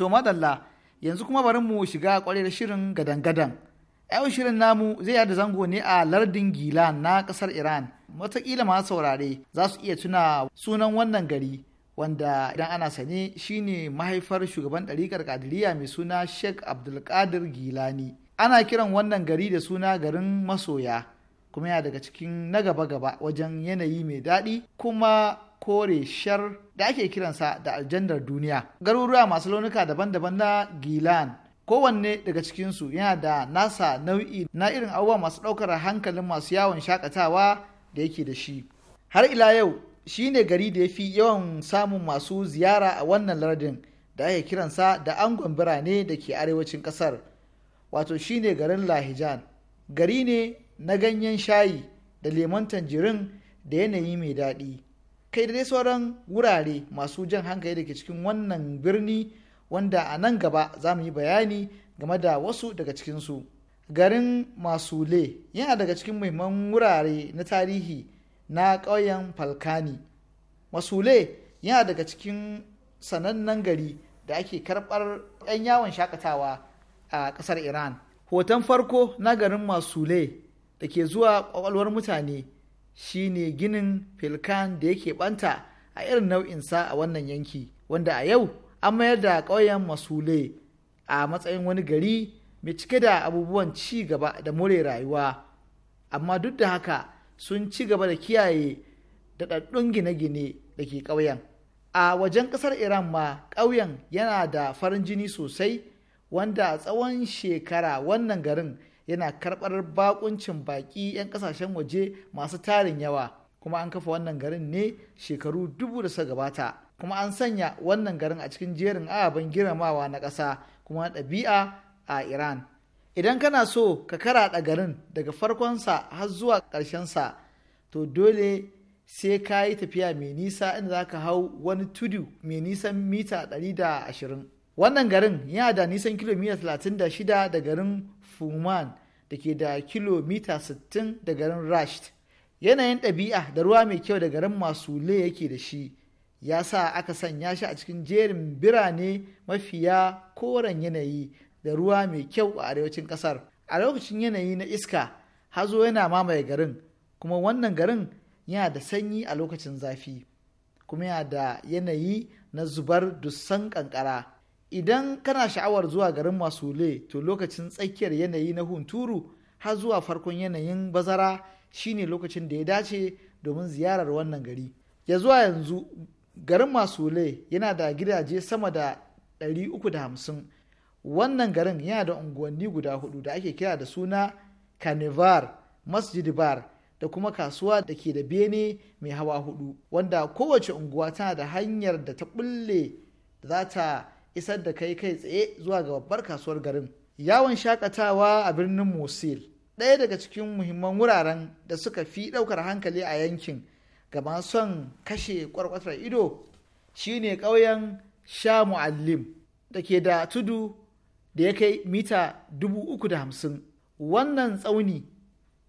To madalla yanzu kuma bari mu shiga kwarar shirin gadan-gadan. Yau shirin namu zai yada zango ne a lardin Gilan na kasar Iran. Matakila masu saurare za su iya tuna sunan wannan gari wanda idan ana sane shine mahaifar shugaban ɗariƙar Kadiriyya mai suna Sheikh Abdulkadir Gilani. Ana kiran wannan gari da suna garin masoya kuma yana daga cikin na gaba-gaba wajen yanayi mai daɗi kuma kore shar da ake kiransa da aljandar duniya garuruwa masu launuka daban-daban na gilan kowanne daga cikinsu yana da nasa nau'i na irin abubuwa masu ɗaukar hankalin masu yawon shakatawa da yake da shi har ila yau shi ne gari da ya fi yawan samun masu ziyara a wannan lardin da ake kiransa da angon birane da ke arewacin ƙasar wato shi ne garin lahijan gari ne na ganyen shayi da lemon tanjirin da yanayi mai daɗi kai da dai sauran wurare masu jan hankali da ke cikin wannan birni wanda a nan gaba za mu yi bayani game da wasu daga cikinsu garin masule yana daga cikin muhimman wurare na tarihi na ƙauyen falkani masule yana daga cikin sanannen gari da ake karɓar 'yan yawon shakatawa a ƙasar iran hoton farko na garin masule da ke zuwa ƙwaƙwalwar mutane shine ginin filkan da yake banta a irin nau'insa a wannan yanki wanda a yau an mayar da ƙauyen masule a matsayin wani gari mai cike da abubuwan ci gaba da more rayuwa amma duk da haka sun ci gaba da kiyaye daɗaɗɗun gine-gine da ke ƙauyen a wajen ƙasar iran ma ƙauyen yana da farin jini sosai wanda a tsawon shekara wannan garin yana karɓar bakuncin baƙi 'yan ƙasashen waje masu tarin yawa kuma an kafa wannan garin ne shekaru dubu da suka gabata kuma an sanya wannan garin a cikin jerin ababen girmamawa na ƙasa kuma na ɗabi'a a iran idan kana so ka karaɗa garin daga farkonsa har zuwa ƙarshensa to dole sai ka yi tafiya mai nisa inda za ka hau wani tudu mai nisan mita 120 wannan garin yana da nisan kilomita 36 da garin fuman da ke da kilomita 60 da garin rasht yanayin ɗabi'a da ruwa mai kyau da garin masu le yake da shi ya sa aka sanya shi a cikin jerin birane mafiya koren yanayi da ruwa mai kyau a arewacin ƙasar a lokacin yanayi na iska hazo yana mamaye garin kuma wannan garin yana da sanyi a lokacin zafi kuma yana da yanayi na zubar dusan ƙanƙara idan kana sha'awar zuwa garin masule to lokacin tsakiyar yanayi na hunturu har zuwa farkon yanayin bazara shine lokacin da ya dace domin ziyarar wannan gari ya zuwa yanzu garin masule yana da gidaje sama da 350 wannan garin yana da unguwanni guda hudu da ake kira da suna carnivar masjid bar da kuma kasuwa da ke da bene mai hawa hudu wanda kowace unguwa tana da hanyar da ta bulle za ta isar da kai kai tsaye zuwa ga babbar kasuwar garin yawon shakatawa a birnin mosul ɗaya daga cikin muhimman wuraren da suka fi ɗaukar hankali a yankin gama son kashe kwarkwatar ido shine ƙauyen sha mu'allim da ke da tudu da ya kai mita dubu uku da hamsin wannan tsauni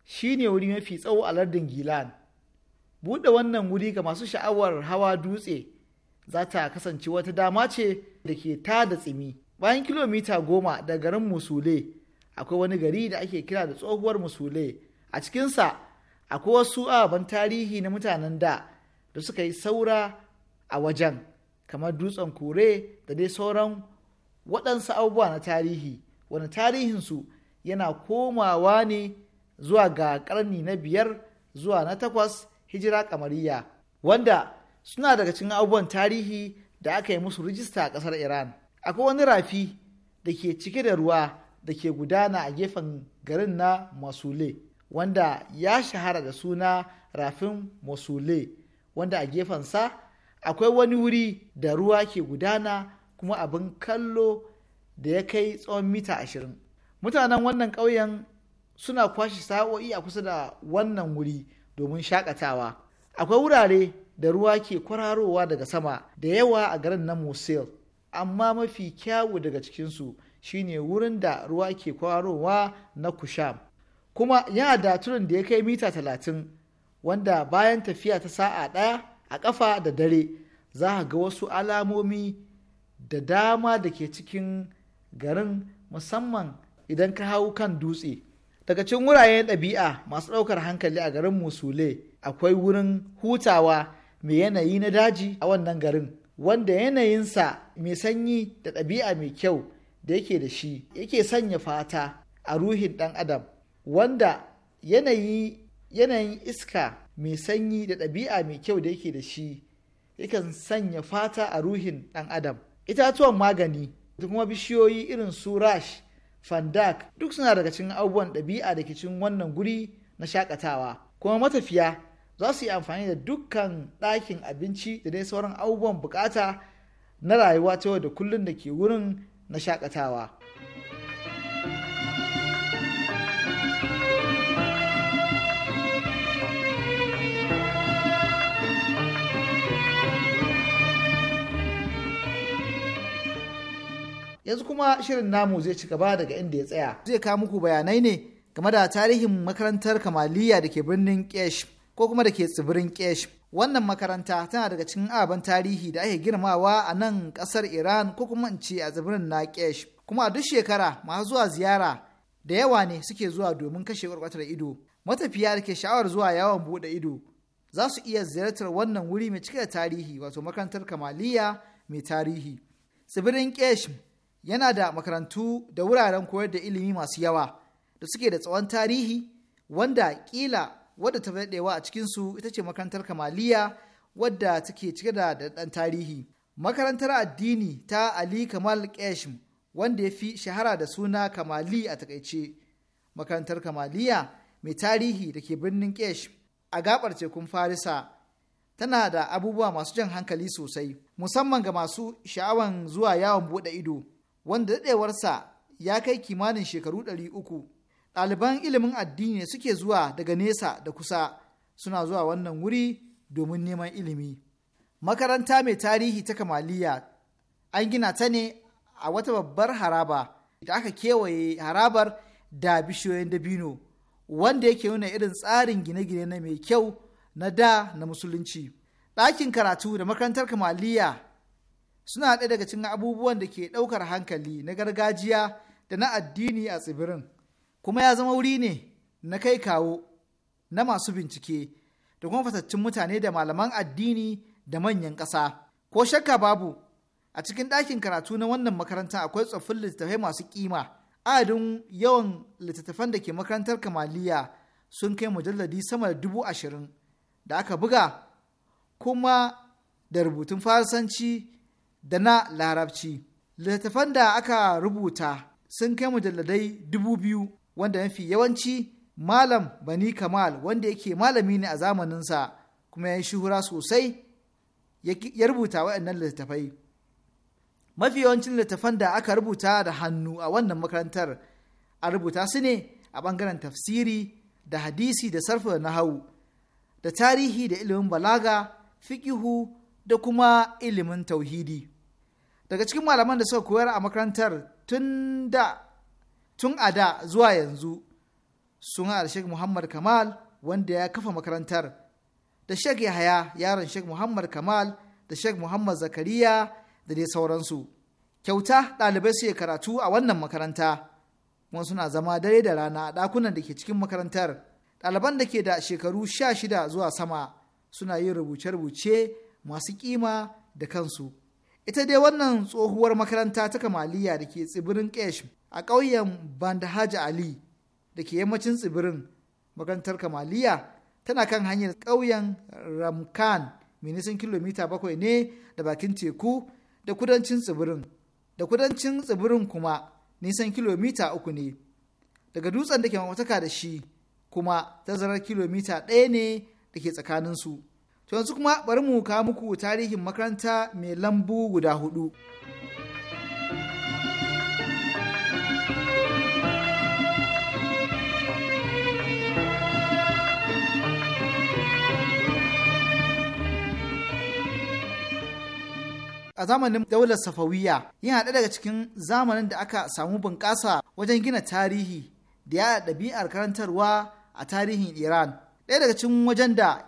shine wuri mafi tsawo a lardin gilan buɗe wannan wuri ga masu sha'awar hawa dutse za ta kasance wata dama ce da ke ta da tsimi bayan kilomita goma da garin musule akwai wani gari da ake kira da tsohuwar musule a cikinsa akwai wasu ababen tarihi na mutanen da da suka yi saura a wajen kamar dutsen kore da dai sauran waɗansu abubuwa na tarihi wani tarihinsu yana komawa ne zuwa ga ƙarni na biyar zuwa na takwas hijira kamariya wanda suna daga cikin abubuwan tarihi da aka yi musu rijista a ƙasar iran akwai wani rafi da ke cike da ruwa da ke gudana a gefen garin na masule wanda ya shahara da suna rafin masule wanda a gefen sa akwai wani wuri da ruwa ke gudana kuma abin kallo da ya kai tsawon mita ashirin mutanen wannan ƙauyen suna kwashe sa'o'i a kusa da wannan wuri domin shakatawa akwai wurare da ruwa ke kwararowa daga sama da yawa a garin na Mosul, amma mafi kyawu daga cikinsu shine wurin da ruwa ke kwararowa na Kusham. Kuma yana da turin da ya kai mita talatin, wanda bayan tafiya ta sa'a ɗaya a ƙafa da dare za a ga wasu alamomi da dama da ke cikin garin musamman idan ka hau kan dutse. Daga cikin wuraren ɗabi'a masu ɗaukar hankali a garin Musule akwai wurin hutawa mai yanayi na daji a wannan garin wanda yanayinsa mai sanyi da ɗabi'a mai kyau da yake da shi yake sanya fata a ruhin ɗan adam wanda yanayi yanayin iska mai sanyi da ɗabi'a mai kyau da yake da shi yakan sanya fata a ruhin ɗan adam itatuwan magani da kuma bishiyoyi irin su rash fandak duk suna daga cikin abubuwan ɗabi'a da ke cikin wannan guri na shakatawa kuma matafiya za su yi amfani da dukkan ɗakin abinci da dai sauran abubuwan bukata na rayuwa ta yau da kullum da ke wurin na shakatawa. yanzu kuma shirin namu zai ci gaba daga inda ya tsaya zai kawo muku bayanai ne game da tarihin makarantar kamaliya da ke birnin kesh ko kuma da ke tsibirin kesh wannan makaranta tana daga cikin aban tarihi da ake girmawa a nan kasar iran ko kuma in ce a tsibirin na kesh kuma a duk shekara masu zuwa ziyara da yawa ne suke zuwa domin kashe kwarkwatar ido matafiya da ke sha'awar zuwa yawon buɗe ido za su iya ziyartar wannan wuri mai cike da tarihi wato makarantar kamaliya mai tarihi tsibirin kesh yana da makarantu da wuraren koyar da ilimi masu yawa da suke da tsawon tarihi wanda kila wadda ta daɗewa a cikinsu ita ce makarantar kamaliya wadda take cike da daɗan tarihi makarantar addini ta ali kamal keshim wanda ya fi shahara da suna kamali a takaice makarantar kamaliya mai tarihi da ke birnin kesh a gabar tekun farisa tana da abubuwa masu jan hankali sosai musamman ga masu sha'awan zuwa yawon buɗe ido wanda daɗewarsa ya kai kimanin shekaru ɗari uku ɗaliban ilimin addini ne suke zuwa daga nesa da kusa suna zuwa wannan wuri domin neman ilimi makaranta mai tarihi ta kamaliya an gina ta ne a wata babbar haraba da aka kewaye harabar da bishiyoyin dabino wanda yake nuna irin tsarin gine-gine na mai kyau na da na musulunci ɗakin karatu da makarantar kamaliya suna ɗaya daga cikin abubuwan da ke ɗaukar hankali na gargajiya da na addini a tsibirin kuma ya zama wuri ne na kai kawo na masu bincike da kuma fatattun mutane da malaman addini da manyan ƙasa. Ko shakka babu a cikin ɗakin karatu na wannan makaranta akwai tsoffin littattafai masu kima adadin yawan littattafan da ke makarantar kamaliya sun kai mujalladi sama da dubu ashirin da aka buga kuma da rubutun Faransanci da na larabci littattafan da aka rubuta sun kai mujalladai dubu biyu wanda mafi yawanci malam bani kamal wanda yake malami ne a zamaninsa kuma ya yi shuhura sosai ya rubuta waɗannan littattafai mafi yawancin littattafan da aka rubuta da hannu a wannan makarantar a rubuta su ne a ɓangaren tafsiri da hadisi da sarfa na hau da tarihi da ilimin balaga fikihu da kuma ilimin tauhidi daga cikin malaman da suka koyar a makarantar tun da tun a da zuwa yanzu sun haɗa Sheikh Muhammad Kamal wanda ya kafa makarantar da Sheikh Yahaya yaron Sheikh Muhammad Kamal da Sheikh Muhammad Zakariya da dai sauransu. Kyauta ɗalibai su karatu a wannan makaranta kuma suna zama dare da rana a ɗakunan da ke cikin makarantar. Ɗaliban da ke da shekaru sha shida zuwa sama suna yin rubuce-rubuce masu kima da kansu. Ita dai wannan tsohuwar makaranta ta Kamaliya da ke tsibirin Kesh a ƙauyen banda haji Ali da ke yammacin tsibirin makarantar Kamaliya tana kan hanyar ƙauyen Ramkan mai nisan kilomita bakwai ne da bakin teku da kudancin tsibirin. Da kudancin tsibirin kuma nisan kilomita uku ne. Daga dutsen da ke makwataka da shi kuma tazarar kilomita ɗaya ne da ke su To yanzu kuma bari mu kawo muku tarihin makaranta mai lambu guda hudu. a zamanin daular safawiya yin haɗe daga cikin zamanin da aka samu bunƙasa wajen gina tarihi da ya ɗabi'ar karantarwa a tarihin iran ɗaya daga cikin wajen da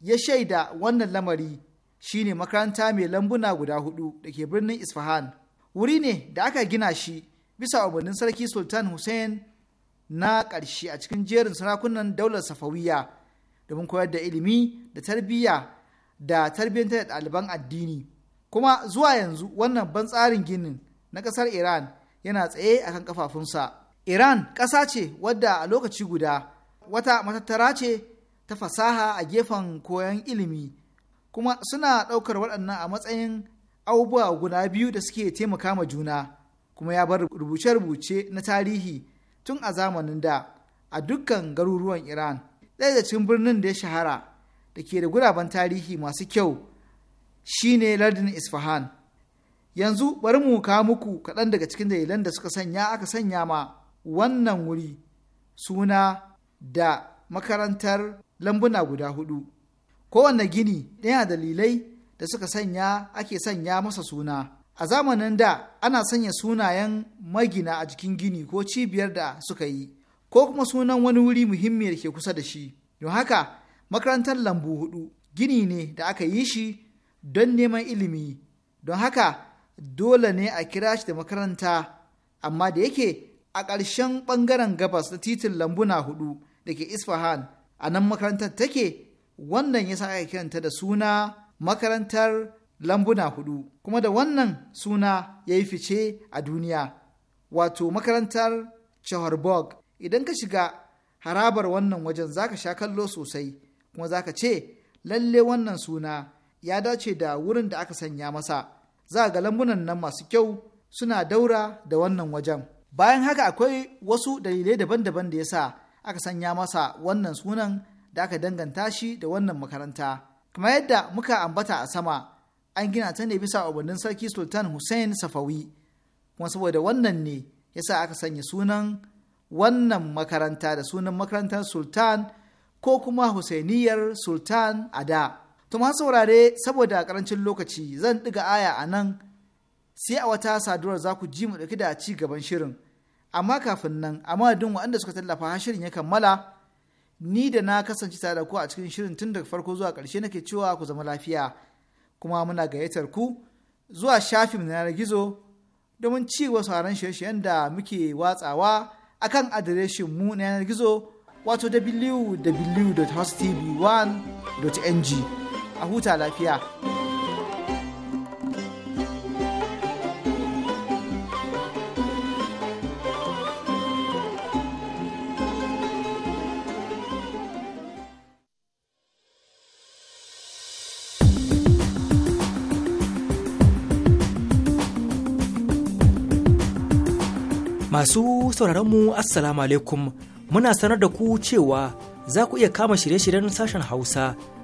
ya shaida wannan lamari shine makaranta mai lambuna guda hudu da ke birnin isfahan wuri ne da aka gina shi bisa umarnin sarki sultan hussein na ƙarshe a cikin jerin sarakunan daular safawiya domin koyar da ilimi da tarbiyya da tarbiyyantar da ɗaliban addini kuma zuwa yanzu wannan ban tsarin ginin na ƙasar iran yana tsaye a kan kafafunsa iran ƙasa ce wadda a lokaci guda wata matattara ce ta fasaha a gefen koyon ilimi kuma suna ɗaukar waɗannan a matsayin abubuwa guda biyu da suke taimaka ma juna kuma ya bar rubuce-rubuce na tarihi tun a zamanin da a dukkan garuruwan iran ɗaya da cikin birnin da ya shahara da ke da guraben tarihi masu kyau Shi ne lardin isfahan yanzu bari mu kawo muku kaɗan daga cikin dalilan da suka sanya aka sanya ma wannan wuri suna da makarantar lambuna guda hudu kowane gini ɗaya dalilai da suka sanya ake sanya masa suna a zamanin da ana sanya sunayen magina a jikin gini ko cibiyar da suka yi ko kuma sunan wani wuri muhimmiyar ke kusa da shi don haka makarantar lambu hudu gini ne da aka yi shi don neman ilimi don haka dole ne a kira shi da makaranta amma da yake a ƙarshen ɓangaren gabas na titin lambuna hudu da ke isfahan a nan makarantar take wannan ya sa aka kiranta da suna makarantar lambuna hudu kuma da wannan suna ya yi fice a duniya wato makarantar Chaharborg idan ka shiga harabar wannan wajen zaka sha kallo sosai kuma zaka ce lalle wannan suna ya dace da wurin da aka sanya masa za ga lambunan nan masu kyau suna daura da wannan wajen bayan haka akwai wasu dalilai daban-daban da yasa aka sanya masa wannan sunan da aka danganta shi da wannan makaranta kamar yadda muka ambata a sama an gina ta ne bisa umarnin sarki sultan hussein safawi kuma saboda wannan ne yasa aka sanya sunan wannan makaranta da sunan makarantar sultan ko kuma husainiyar sultan a da Tuma saurare saboda karancin lokaci zan ɗiga aya a nan sai a wata saduwar za ku ji mu ɗauki da ci gaban shirin. Amma kafin nan a madadin waɗanda suka tallafa har shirin ya kammala ni da na kasance tare da ku a cikin shirin tun daga farko zuwa ƙarshe nake cewa ku zama lafiya kuma muna gayyatar ku zuwa shafin na yanar gizo domin ci wasu sauran shirye-shiryen da muke watsawa akan adireshin mu na yanar gizo wato www.hostv1.ng a huta lafiya. Masu sauraron mu Assalamu alaikum muna sanar da ku cewa za ku iya kama shirye-shiryen sashen Hausa